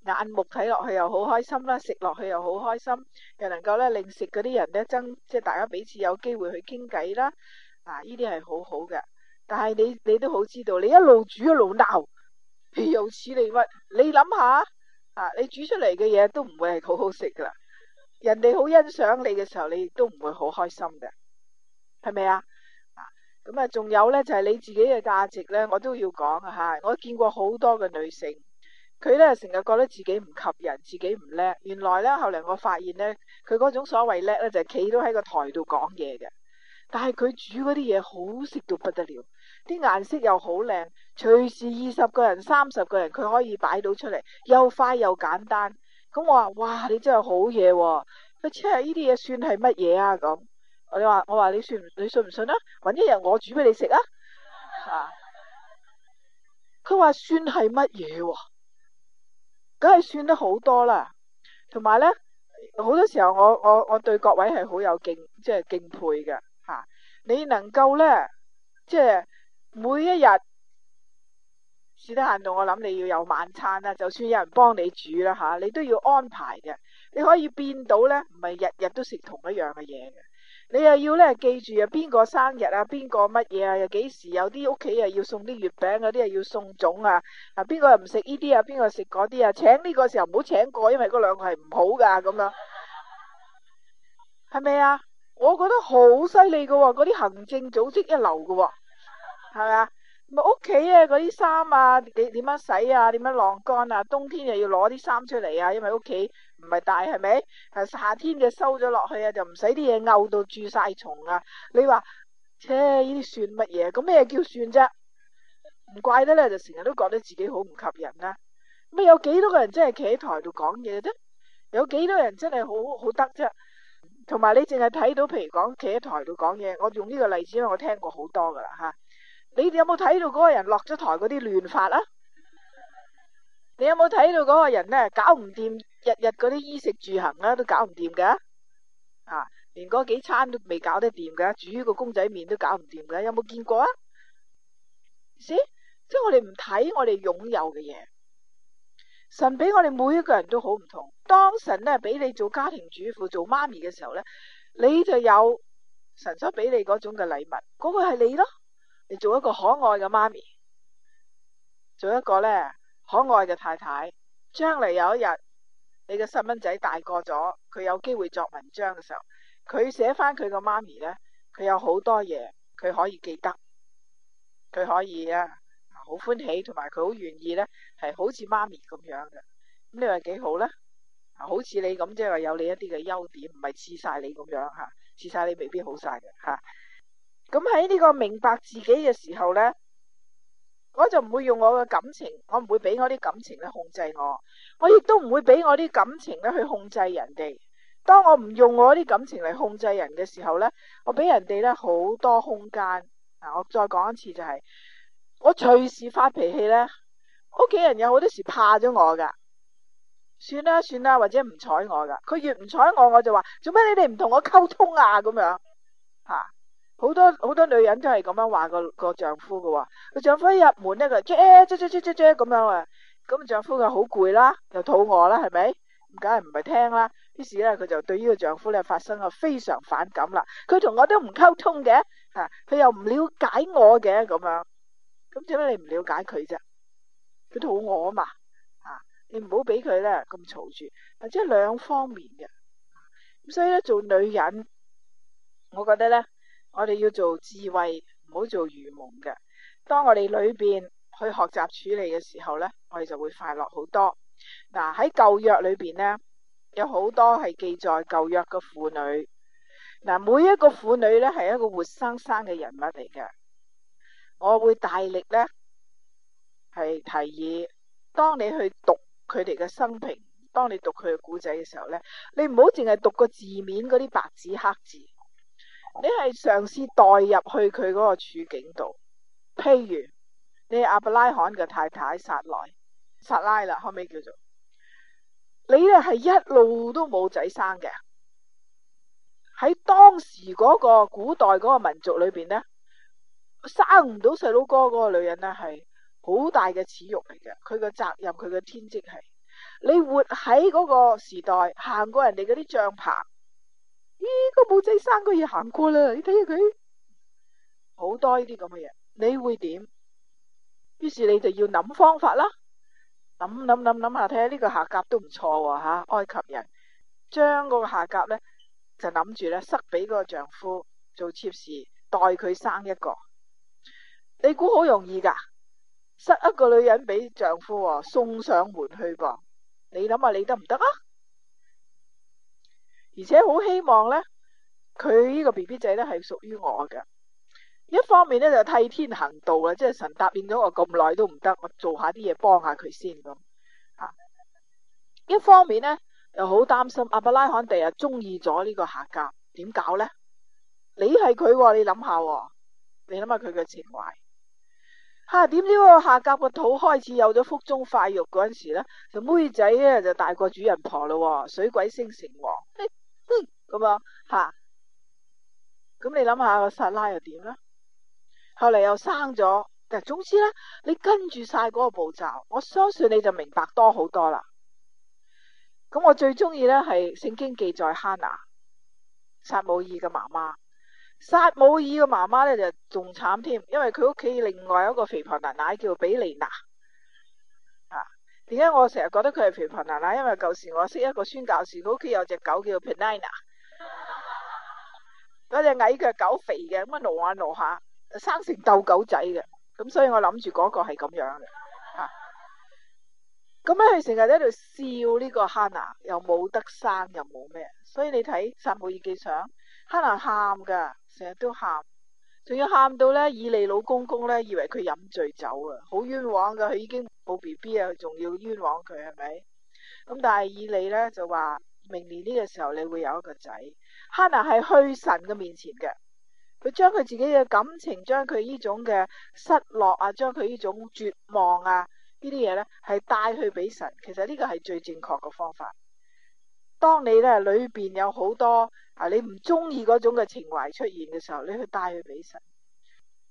眼目睇落去又好開心啦，食落去又好開心，又能夠咧令食嗰啲人咧增，即係大家彼此有機會去傾偈啦。嗱、啊，呢啲係好好嘅。但係你你都好知道，你一路煮一路鬧，又此你乜？你諗下啊，你煮出嚟嘅嘢都唔會係好好食噶啦。人哋好欣賞你嘅時候，你亦都唔會好開心嘅，係咪啊？啊，咁啊，仲有咧就係、是、你自己嘅價值咧，我都要講吓、啊。我見過好多嘅女性。佢咧成日覺得自己唔及人，自己唔叻。原來咧，後嚟我發現咧，佢嗰種所謂叻咧，就係企到喺個台度講嘢嘅。但係佢煮嗰啲嘢好食到不得了，啲顏色又好靚，隨時二十個人、三十個人，佢可以擺到出嚟，又快又簡單。咁、嗯、我話：哇，你真係好嘢喎、哦！佢真係呢啲嘢算係乜嘢啊？咁我,我你話我話你信？你信唔信啊？揾一日我煮俾你食啊！佢、啊、話算係乜嘢？梗係算得好多啦，同埋咧好多時候我我我對各位係好有敬即係、就是、敬佩嘅吓、啊，你能夠咧即係每一日是得限度。我諗你要有晚餐啦，就算有人幫你煮啦吓、啊，你都要安排嘅，你可以變到咧唔係日日都食同一樣嘅嘢嘅。你又要咧記住啊，邊個生日啊，邊個乜嘢啊，又幾時有啲屋企啊要送啲月餅嗰啲啊，要送粽啊，啊邊個又唔食呢啲啊，邊、啊、個食嗰啲啊，請呢個時候唔好請過，因為嗰兩個係唔好噶咁、啊、樣，係咪啊？我覺得好犀利噶喎，嗰啲行政組織一流噶喎，係咪啊？咪屋企啊嗰啲衫啊，點點樣洗啊，點樣晾乾啊？冬天又要攞啲衫出嚟啊，因為屋企。唔係大係咪？夏天就收咗落去啊，就唔使啲嘢漚到住晒蟲啊！你話切呢啲算乜嘢？咁咩叫算啫？唔怪得咧，就成日都覺得自己好唔吸引啦。咩有幾多個人真係企喺台度講嘢啫？有幾多人真係好好得啫？同埋你淨係睇到，譬如講企喺台度講嘢，我用呢個例子因為我聽過好多噶啦吓。你哋有冇睇到嗰個人落咗台嗰啲亂法啊？你有冇睇到嗰個人咧搞唔掂？日日嗰啲衣食住行啦，都搞唔掂嘅，啊，連嗰幾餐都未搞得掂嘅，煮個公仔麵都搞唔掂嘅，有冇見過啊？是，即係我哋唔睇我哋擁有嘅嘢。神俾我哋每一個人都好唔同。當神咧俾你做家庭主婦、做媽咪嘅時候咧，你就有神所俾你嗰種嘅禮物。嗰個係你咯，你做一個可愛嘅媽咪，做一個咧可愛嘅太太，將來有一日。你嘅細蚊仔大個咗，佢有機會作文章嘅時候，佢寫翻佢個媽咪咧，佢有好多嘢，佢可以記得，佢可以啊，好歡喜，同埋佢好願意咧，係好似媽咪咁樣嘅。咁你話幾好咧？好似你咁，即係話有你一啲嘅優點，唔係似晒你咁樣吓，似晒你未必好晒嘅吓。咁喺呢個明白自己嘅時候咧，我就唔會用我嘅感情，我唔會俾我啲感情咧控制我，我亦都唔會俾我啲感情咧去控制人哋。當我唔用我啲感情嚟控制人嘅時候咧，我俾人哋咧好多空間。啊、我再講一次就係、是，我隨時發脾氣咧，屋企人有好多時怕咗我噶，算啦算啦，或者唔睬我噶。佢越唔睬我，我就話做咩你哋唔同我溝通呀？咁樣，吓、啊。好多好多女人都係咁樣話個個丈夫噶，個丈夫，丈夫一入門咧就啫啫啫啫啫咁樣啊，咁丈夫就好攰啦，又肚餓啦，係咪？唔梗係唔係聽啦，於是咧佢就對呢個丈夫咧發生個非常反感啦。佢同我都唔溝通嘅，吓，佢又唔了解我嘅咁樣，咁點解你唔了解佢啫？佢肚餓啊嘛，啊你唔好俾佢咧咁嘈住，即係兩方面嘅。咁所以咧做女人，我覺得咧。我哋要做智慧，唔好做愚蒙嘅。當我哋裏邊去學習處理嘅時候呢，我哋就會快樂好多。嗱、啊、喺舊約裏邊呢，有好多係記載舊約嘅婦女。嗱、啊，每一個婦女呢係一個活生生嘅人物嚟嘅。我會大力呢係提議，當你去讀佢哋嘅生平，當你讀佢嘅故仔嘅時候呢，你唔好淨係讀個字面嗰啲白紙黑字，你係嘗試代入去佢嗰個處境度，譬如你亞伯拉罕嘅太太撒萊、撒拉啦，可唔可以叫做你咧，係一路都冇仔生嘅。喺當時嗰個古代嗰個民族裏邊咧，生唔到細佬哥嗰個女人呢，係好大嘅恥辱嚟嘅。佢嘅責任，佢嘅天職係你活喺嗰個時代，行過人哋嗰啲帳篷。咦，個母仔生個嘢行過啦，你睇下佢好多呢啲咁嘅嘢，你會點？於是你就要諗方法啦，諗諗諗諗下，睇下呢個夏甲都唔錯喎、啊、吓、啊，埃及人將嗰個夏甲咧就諗住咧塞俾個丈夫做妾侍代佢生一個。你估好容易噶？塞一個女人俾丈夫送上門去噃？你諗下你得唔得啊？而且好希望咧，佢呢個 B B 仔咧係屬於我嘅。一方面咧就替天行道啊，即係神答應咗我咁耐都唔得，我做下啲嘢幫下佢先咁。啊，一方面咧又好擔心阿伯拉罕第日中意咗呢個夏甲，點搞咧？你係佢、哦，你諗下、哦，你諗下佢嘅情懷吓。點、啊、知個夏甲個肚開始有咗腹中塊肉嗰陣時咧，就妹仔咧就大過主人婆咯、哦，水鬼升城隍。咁啊，吓，咁你諗下個撒拉又點咧？後嚟又生咗，但總之咧，你跟住晒嗰個步驟，我相信你就明白多好多啦。咁我最中意咧係聖經記載哈拿、撒母耳嘅媽媽。撒母耳嘅媽媽咧就仲慘添，因為佢屋企另外有一個肥婆奶奶叫比利娜。啊，點解我成日覺得佢係肥婆奶奶？因為舊時我識一個宣教士，佢屋企有隻狗叫 Penina。嗰隻矮腳狗肥嘅，咁啊挪下挪下，生成鬥狗仔嘅，咁所以我諗住嗰個係咁樣嘅，吓、啊，咁咧佢成日喺度笑呢個 hanna 又冇得生，又冇咩，所以你睇《撒母耳記》上，hanna 喊噶，成日都喊，仲要喊到咧，以利老公公咧以為佢飲醉酒啊，好冤枉噶，佢已經冇 B B 啊，仲要冤枉佢係咪？咁但係以利咧就話，明年呢個時候你會有一個仔。哈娜係去神嘅面前嘅，佢將佢自己嘅感情，將佢呢種嘅失落啊，將佢呢種絕望啊，這些東西呢啲嘢咧係帶去俾神。其實呢個係最正確嘅方法。當你咧裏邊有好多啊，你唔中意嗰種嘅情懷出現嘅時候，你去帶去俾神。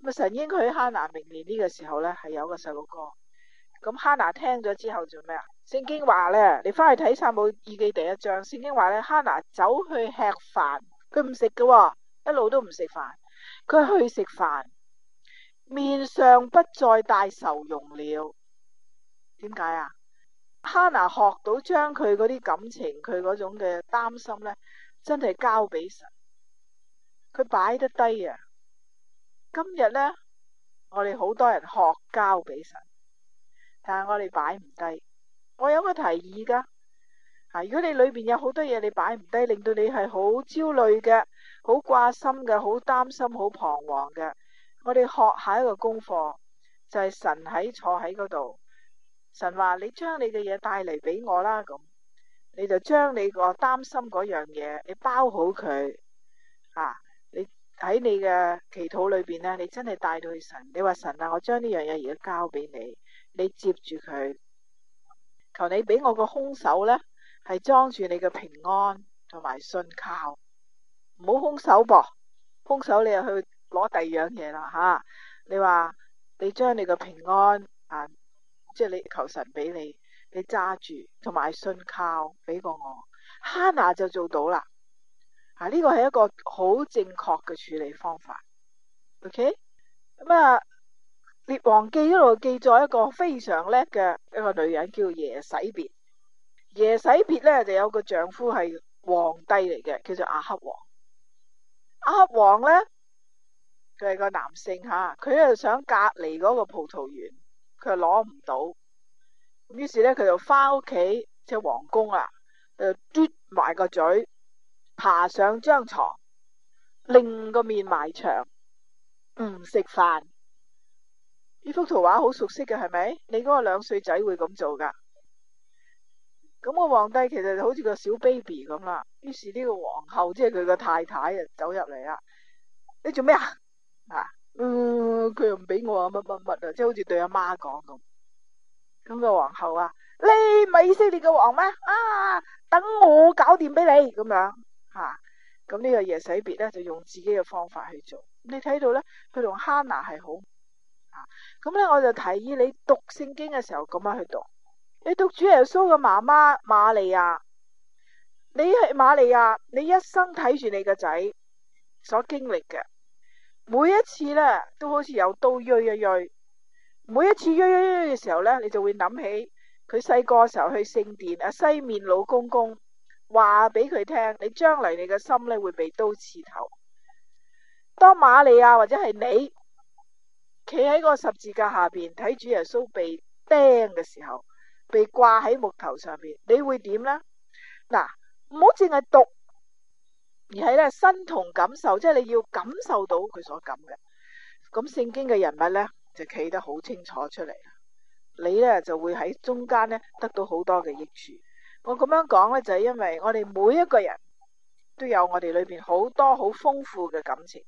咁啊神應許哈娜明年呢個時候咧係有個細路哥。咁哈娜聽咗之後做咩啊？聖經話咧，你翻去睇《撒母耳記》第一章。聖經話咧，哈拿走去吃飯，佢唔食喎，一路都唔食飯。佢去食飯，面上不再帶愁容了。點解啊？哈拿學到將佢嗰啲感情，佢嗰種嘅擔心咧，真係交俾神，佢擺得低啊。今日咧，我哋好多人學交俾神，但係我哋擺唔低。我有個提議噶，如果你裏邊有好多嘢你擺唔低，令到你係好焦慮嘅、好掛心嘅、好擔心、好彷徨嘅，我哋學下一個功課，就係神喺坐喺嗰度，神話你將你嘅嘢帶嚟畀我啦，咁你就將你個擔心嗰樣嘢，你包好佢，啊！你喺你嘅祈禱裏邊呢，你真係帶到去神，你話神啊，我將呢樣嘢而家交俾你，你接住佢。求你俾我個空手咧，係裝住你個平安同埋信靠，唔好空手噃，空手你又去攞第二樣嘢啦吓！你話你將你個平安啊，即係你求神俾你，你揸住同埋信靠俾過我，哈娜就做到啦啊！呢個係一個好正確嘅處理方法。OK，咁，嗯，啊。《列王記》嗰度記載一個非常叻嘅一個女人，叫耶洗別。耶洗別咧就有個丈夫係皇帝嚟嘅，叫做亞哈王。亞哈王咧，佢係個男性吓，佢又想隔籬嗰個葡萄園，佢又攞唔到，於是咧佢就翻屋企即係皇宮啊，就嘟埋個嘴，爬上張床，擰個面埋牆，唔食飯。呢幅圖畫好熟悉嘅係咪？你嗰個兩歲仔會咁做噶？咁個皇帝其實就好似個小 baby 咁啦。於是呢個皇后即係佢個太太啊，走入嚟啦。你做咩啊？吓？嗯，佢又唔俾我乜乜乜啊，即係好似對阿媽講咁。咁個皇后啊，你唔係以色列嘅王咩？啊，等我搞掂俾你咁樣吓。咁、啊、呢個耶洗別咧就用自己嘅方法去做。你睇到咧，佢同哈拿係好。咁咧，我就提議你讀聖經嘅時候咁樣去讀。你讀主耶穌嘅媽媽瑪利亞，你係瑪利亞，你一生睇住你個仔所經歷嘅，每一次咧都好似有刀銳一銳，每一次銳一銳嘅時候咧，你就會諗起佢細個時候去聖殿，啊西面老公公話俾佢聽，你將來你嘅心咧會被刀刺透。當瑪利亞或者係你。企喺個十字架下邊睇主耶穌被釘嘅時候，被掛喺木頭上邊，你會點呢？嗱，唔好淨係讀，而係咧身同感受，即係你要感受到佢所感嘅。咁聖經嘅人物呢，就企得好清楚出嚟，你呢，就會喺中間呢得到好多嘅益處。我咁樣講呢，就係、是、因為我哋每一個人都有我哋裏邊好多好豐富嘅感情，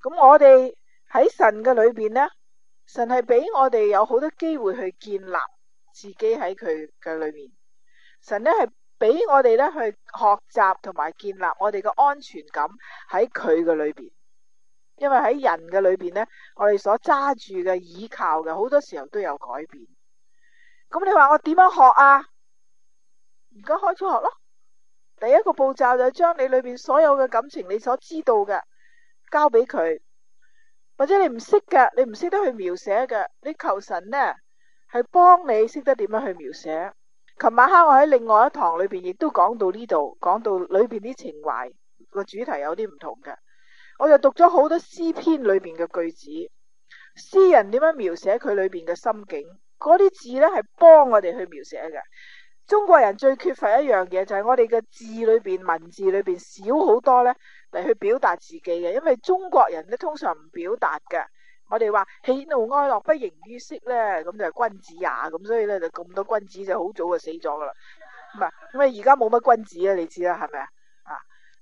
咁我哋。喺神嘅裏邊咧，神係俾我哋有好多機會去建立自己喺佢嘅裏面。神咧係俾我哋咧去學習同埋建立我哋嘅安全感喺佢嘅裏邊。因為喺人嘅裏邊咧，我哋所揸住嘅倚靠嘅好多時候都有改變。咁你話我點樣學啊？而家開始了學咯。第一個步驟就係將你裏邊所有嘅感情，你所知道嘅交俾佢。或者你唔識嘅，你唔識得去描寫嘅。你求神呢，係幫你識得點樣去描寫。琴晚黑我喺另外一堂裏邊，亦都講到呢度，講到裏邊啲情懷。個主題有啲唔同嘅。我又讀咗好多詩篇裏邊嘅句子，詩人點樣描寫佢裏邊嘅心境？嗰啲字呢係幫我哋去描寫嘅。中國人最缺乏一樣嘢，就係我哋嘅字裏邊、文字裏邊少好多呢。嚟去表達自己嘅，因為中國人咧，通常唔表達嘅。我哋話喜怒哀樂不形於色咧，咁就係君子也咁，那所以咧就咁多君子就好早就死咗噶啦。唔係咁啊，而家冇乜君子啊，你知啦，係咪啊？啊，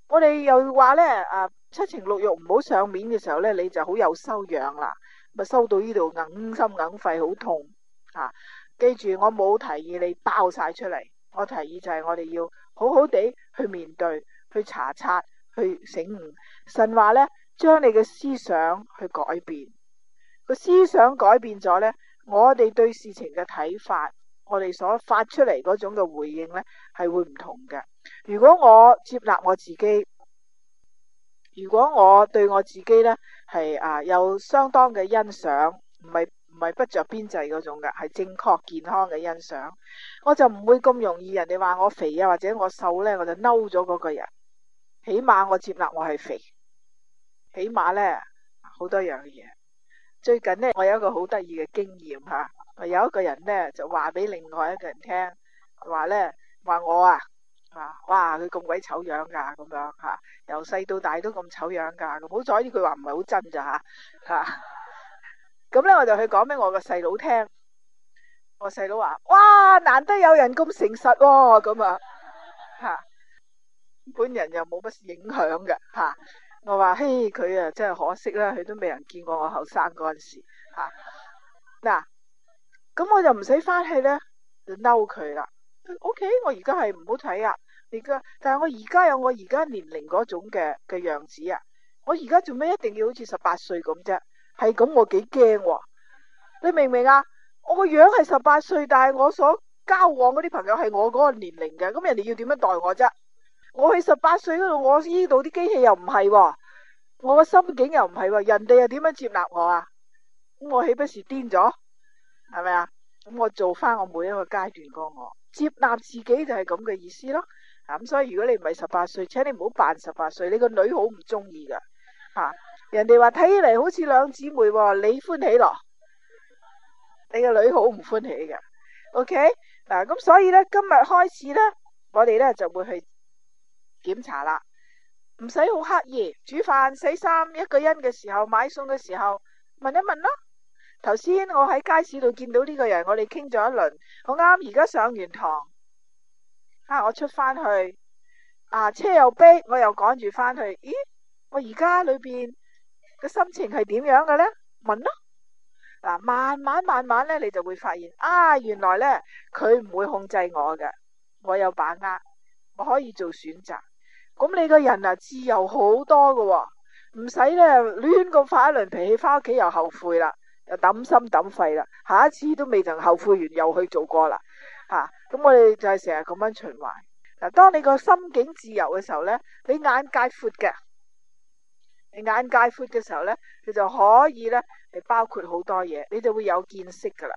我哋又話咧啊，七情六欲唔好上面嘅時候咧，你就好有修養啦。咪收到呢度，哽心哽肺很，好痛啊！記住，我冇提議你爆晒出嚟，我提議就係我哋要好好地去面對，去查察。去醒悟，神話咧將你嘅思想去改變，個思想改變咗咧，我哋對事情嘅睇法，我哋所發出嚟嗰種嘅回應咧係會唔同嘅。如果我接納我自己，如果我對我自己咧係啊有相當嘅欣賞，唔係唔係不着邊際嗰種嘅，係正確健康嘅欣賞，我就唔會咁容易人哋話我肥啊或者我瘦咧，我就嬲咗嗰個人。起碼我接納我係肥，起碼咧好多樣嘢。最近咧，我有一個好得意嘅經驗吓、啊，有一個人咧就話俾另外一個人聽，話咧話我啊，啊，哇，佢咁鬼醜樣噶咁樣吓，由細到大都咁醜樣噶。唔、啊、好彩、啊啊啊、呢句話唔係好真咋吓吓。咁咧我就去講俾我個細佬聽，我細佬話：哇，難得有人咁誠實喎、啊，咁啊吓。啊本人又冇乜影響嘅吓、啊，我話嘿佢啊，真係可惜啦。佢都未人見過我後生嗰陣時吓嗱，咁、啊、我就唔使翻去咧，就嬲佢啦。OK，我而家係唔好睇啊，而家但係我而家有我而家年齡嗰種嘅嘅樣子啊。我而家做咩一定要好似十八歲咁啫？係咁，我幾驚你明唔明啊？我個樣係十八歲，但係我所交往嗰啲朋友係我嗰個年齡嘅，咁人哋要點樣待我啫？我去十八歲嗰度，我呢度啲機器又唔係、哦，我個心境又唔係、哦，人哋又點樣接納我啊？咁我豈不是癲咗？係咪啊？咁我做翻我每一個階段個我接納自己，就係咁嘅意思咯。咁、嗯、所以如果你唔係十八歲，請你唔好扮十八歲，你個女好唔中意噶吓。人哋話睇起嚟好似兩姊妹，你歡喜咯，你個女好唔歡喜噶。OK 嗱、啊，咁所以咧，今日開始咧，我哋咧就會去。檢查啦，唔使好刻意。煮飯洗衫一個人嘅時候，買餸嘅時候問一問咯。頭先我喺街市度見到呢個人，我哋傾咗一輪。我啱而家上完堂，啊，我出翻去啊，車又逼，我又趕住翻去。咦，我而家裏邊嘅心情係點樣嘅咧？問咯。嗱、啊，慢慢慢慢咧，你就會發現啊，原來咧佢唔會控制我嘅，我有把握，我可以做選擇。咁你個人啊自由好多噶，哦，唔使咧亂咁發一輪脾氣，翻屋企又後悔啦，又抌心抌肺啦，下一次都未曾後悔完又去做過啦，吓、啊，咁我哋就係成日咁樣循環。嗱、啊，當你個心境自由嘅時候咧，你眼界闊嘅，你眼界闊嘅時候咧，你就可以咧係包括好多嘢，你就會有見識噶啦。